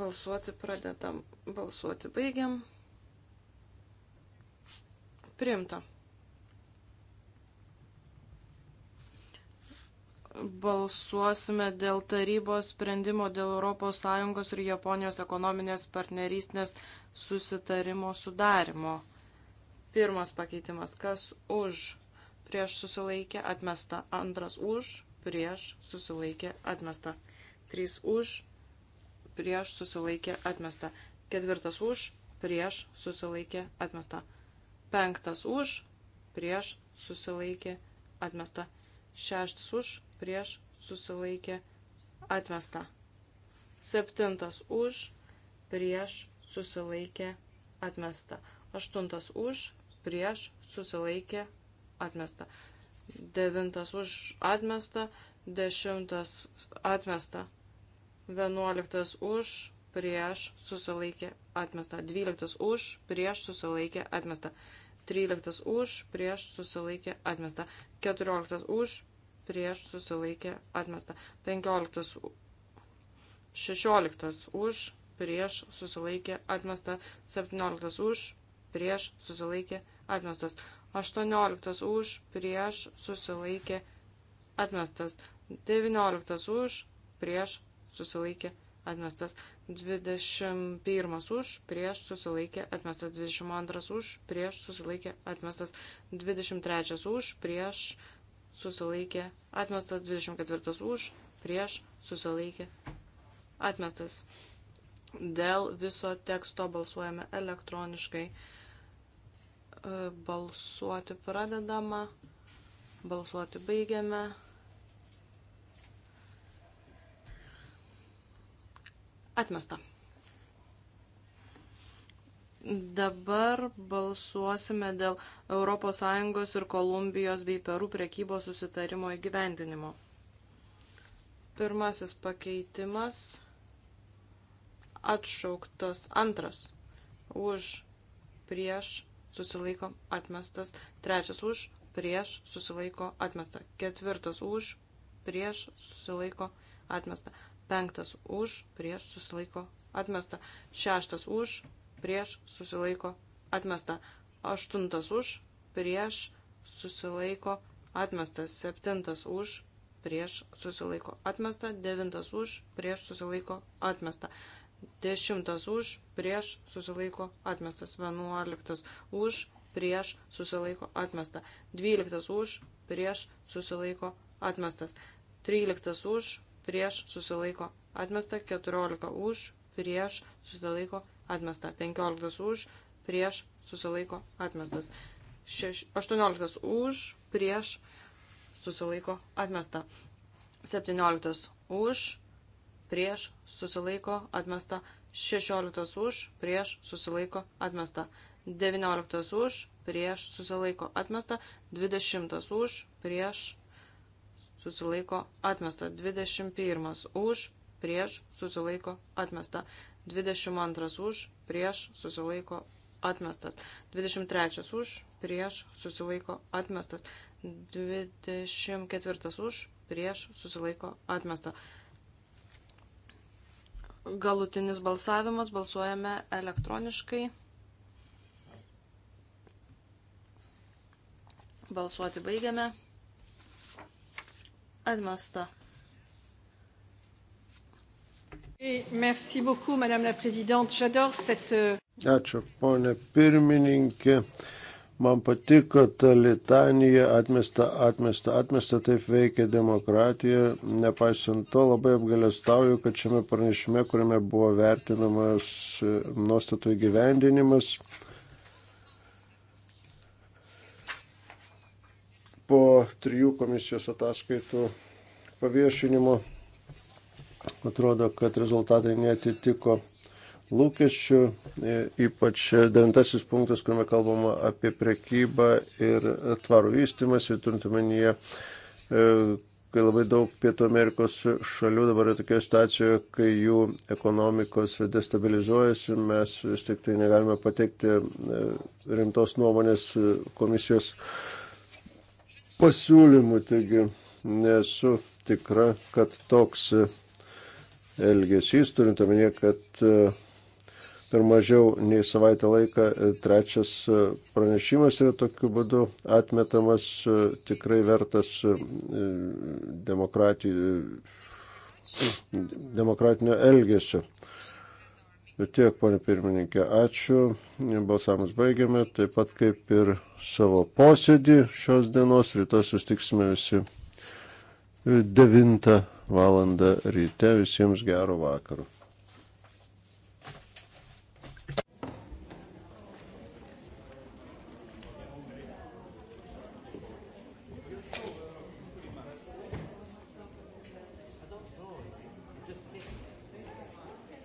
Balsuoti pradedam. Balsuoti baigiam. Primta. Balsuosime dėl tarybos sprendimo dėl ES ir Japonijos ekonominės partnerystės susitarimo sudarimo. Pirmas pakeitimas. Kas už? Prieš susilaikė atmesta. Antras už? Prieš susilaikė atmesta. Trys už? Prieš susilaikė atmesta. Ketvirtas už? Prieš susilaikė atmesta. Penktas už, prieš susilaikė atmesta. Šeštas už, prieš susilaikė atmesta. Septintas už, prieš susilaikė atmesta. Aštuntas už, prieš susilaikė atmesta. Devintas už atmesta, dešimtas atmesta. Vienuoliktas už, prieš susilaikė atmesta. Dvyliktas už, prieš susilaikė atmesta. 12 13 už, prieš susilaikė atmesta. 14 už, prieš susilaikė atmesta. 15, 16 už, prieš susilaikė atmesta. 17 už, prieš susilaikė atmestas. 18 už, prieš susilaikė atmestas. 19 už, prieš susilaikė atmestas atmestas 21 už, prieš susilaikė atmestas 22 už, prieš susilaikė atmestas 23 už, prieš susilaikė atmestas 24 už, prieš susilaikė atmestas. Dėl viso teksto balsuojame elektroniškai. Balsuoti pradedama, balsuoti baigiame. Atmesta. Dabar balsuosime dėl ES ir Kolumbijos bei Perų priekybos susitarimo įgyvendinimo. Pirmasis pakeitimas atšauktas. Antras už prieš susilaiko atmestas. Trečias už prieš susilaiko atmestą. Ketvirtas už prieš susilaiko atmestą. Penktas už, prieš susilaiko atmesta. Šeštas už, prieš susilaiko atmesta. Aštuntas už, prieš susilaiko atmestas. Septintas už, prieš susilaiko atmesta. Devintas už, prieš susilaiko atmesta. Dešimtas už, prieš susilaiko atmestas. Vienuoliktas už, prieš susilaiko atmesta. Dvyliktas už, prieš susilaiko atmestas. Tryliktas už, prieš susilaiko atmesta, 14 už, prieš susilaiko atmesta, 15 už, prieš susilaiko atmestas, 18 už, prieš susilaiko atmesta, 17 už, prieš susilaiko atmesta, 16 už, prieš susilaiko atmesta, 19 už, prieš susilaiko atmesta, 20 už, prieš susilaiko atmesta. 21 už, prieš, susilaiko atmesta. 22 už, prieš, susilaiko atmestas. 23 už, prieš, susilaiko atmestas. 24 už, prieš, susilaiko atmesta. Galutinis balsavimas, balsuojame elektroniškai. Balsuoti baigiame. Atmesta. Merci beaucoup, Madame la Présidente. J'adore cette. Euh, Ačiū, ponė pirmininkė. Man patiko ta litanija atmesta, atmesta, atmesta, taip veikia demokratija. Nepaisant to, labai apgalėstauju, kad šiame pranešime, kuriame buvo vertinamas e, nuostatų įgyvendinimas, po trijų komisijos ataskaitų paviešinimo atrodo, kad rezultatai netitiko lūkesčių, e, ypač devintasis punktas, kuriame kalbama apie prekybą ir tvarų vystimas, ir turint omenyje, e, kai labai daug Pietų Amerikos šalių dabar yra tokia situacija, kai jų ekonomikos destabilizuojasi, mes vis tik tai negalime pateikti e, rimtos nuomonės komisijos pasiūlymų, taigi nesu tikra, kad toks elgesys, turint omenyje, kad e, per mažiau nei savaitę laiką e, trečias e, pranešimas yra tokiu būdu atmetamas tikrai vertas demokratinio elgesio. Bet nu, tiek, ponė pirmininkė, ačiū. Balsavimus baigiame, taip pat kaip ir savo posėdį šios dienos. Rytoj sustiksime visi 9 val. ryte. Visiems gero vakaro.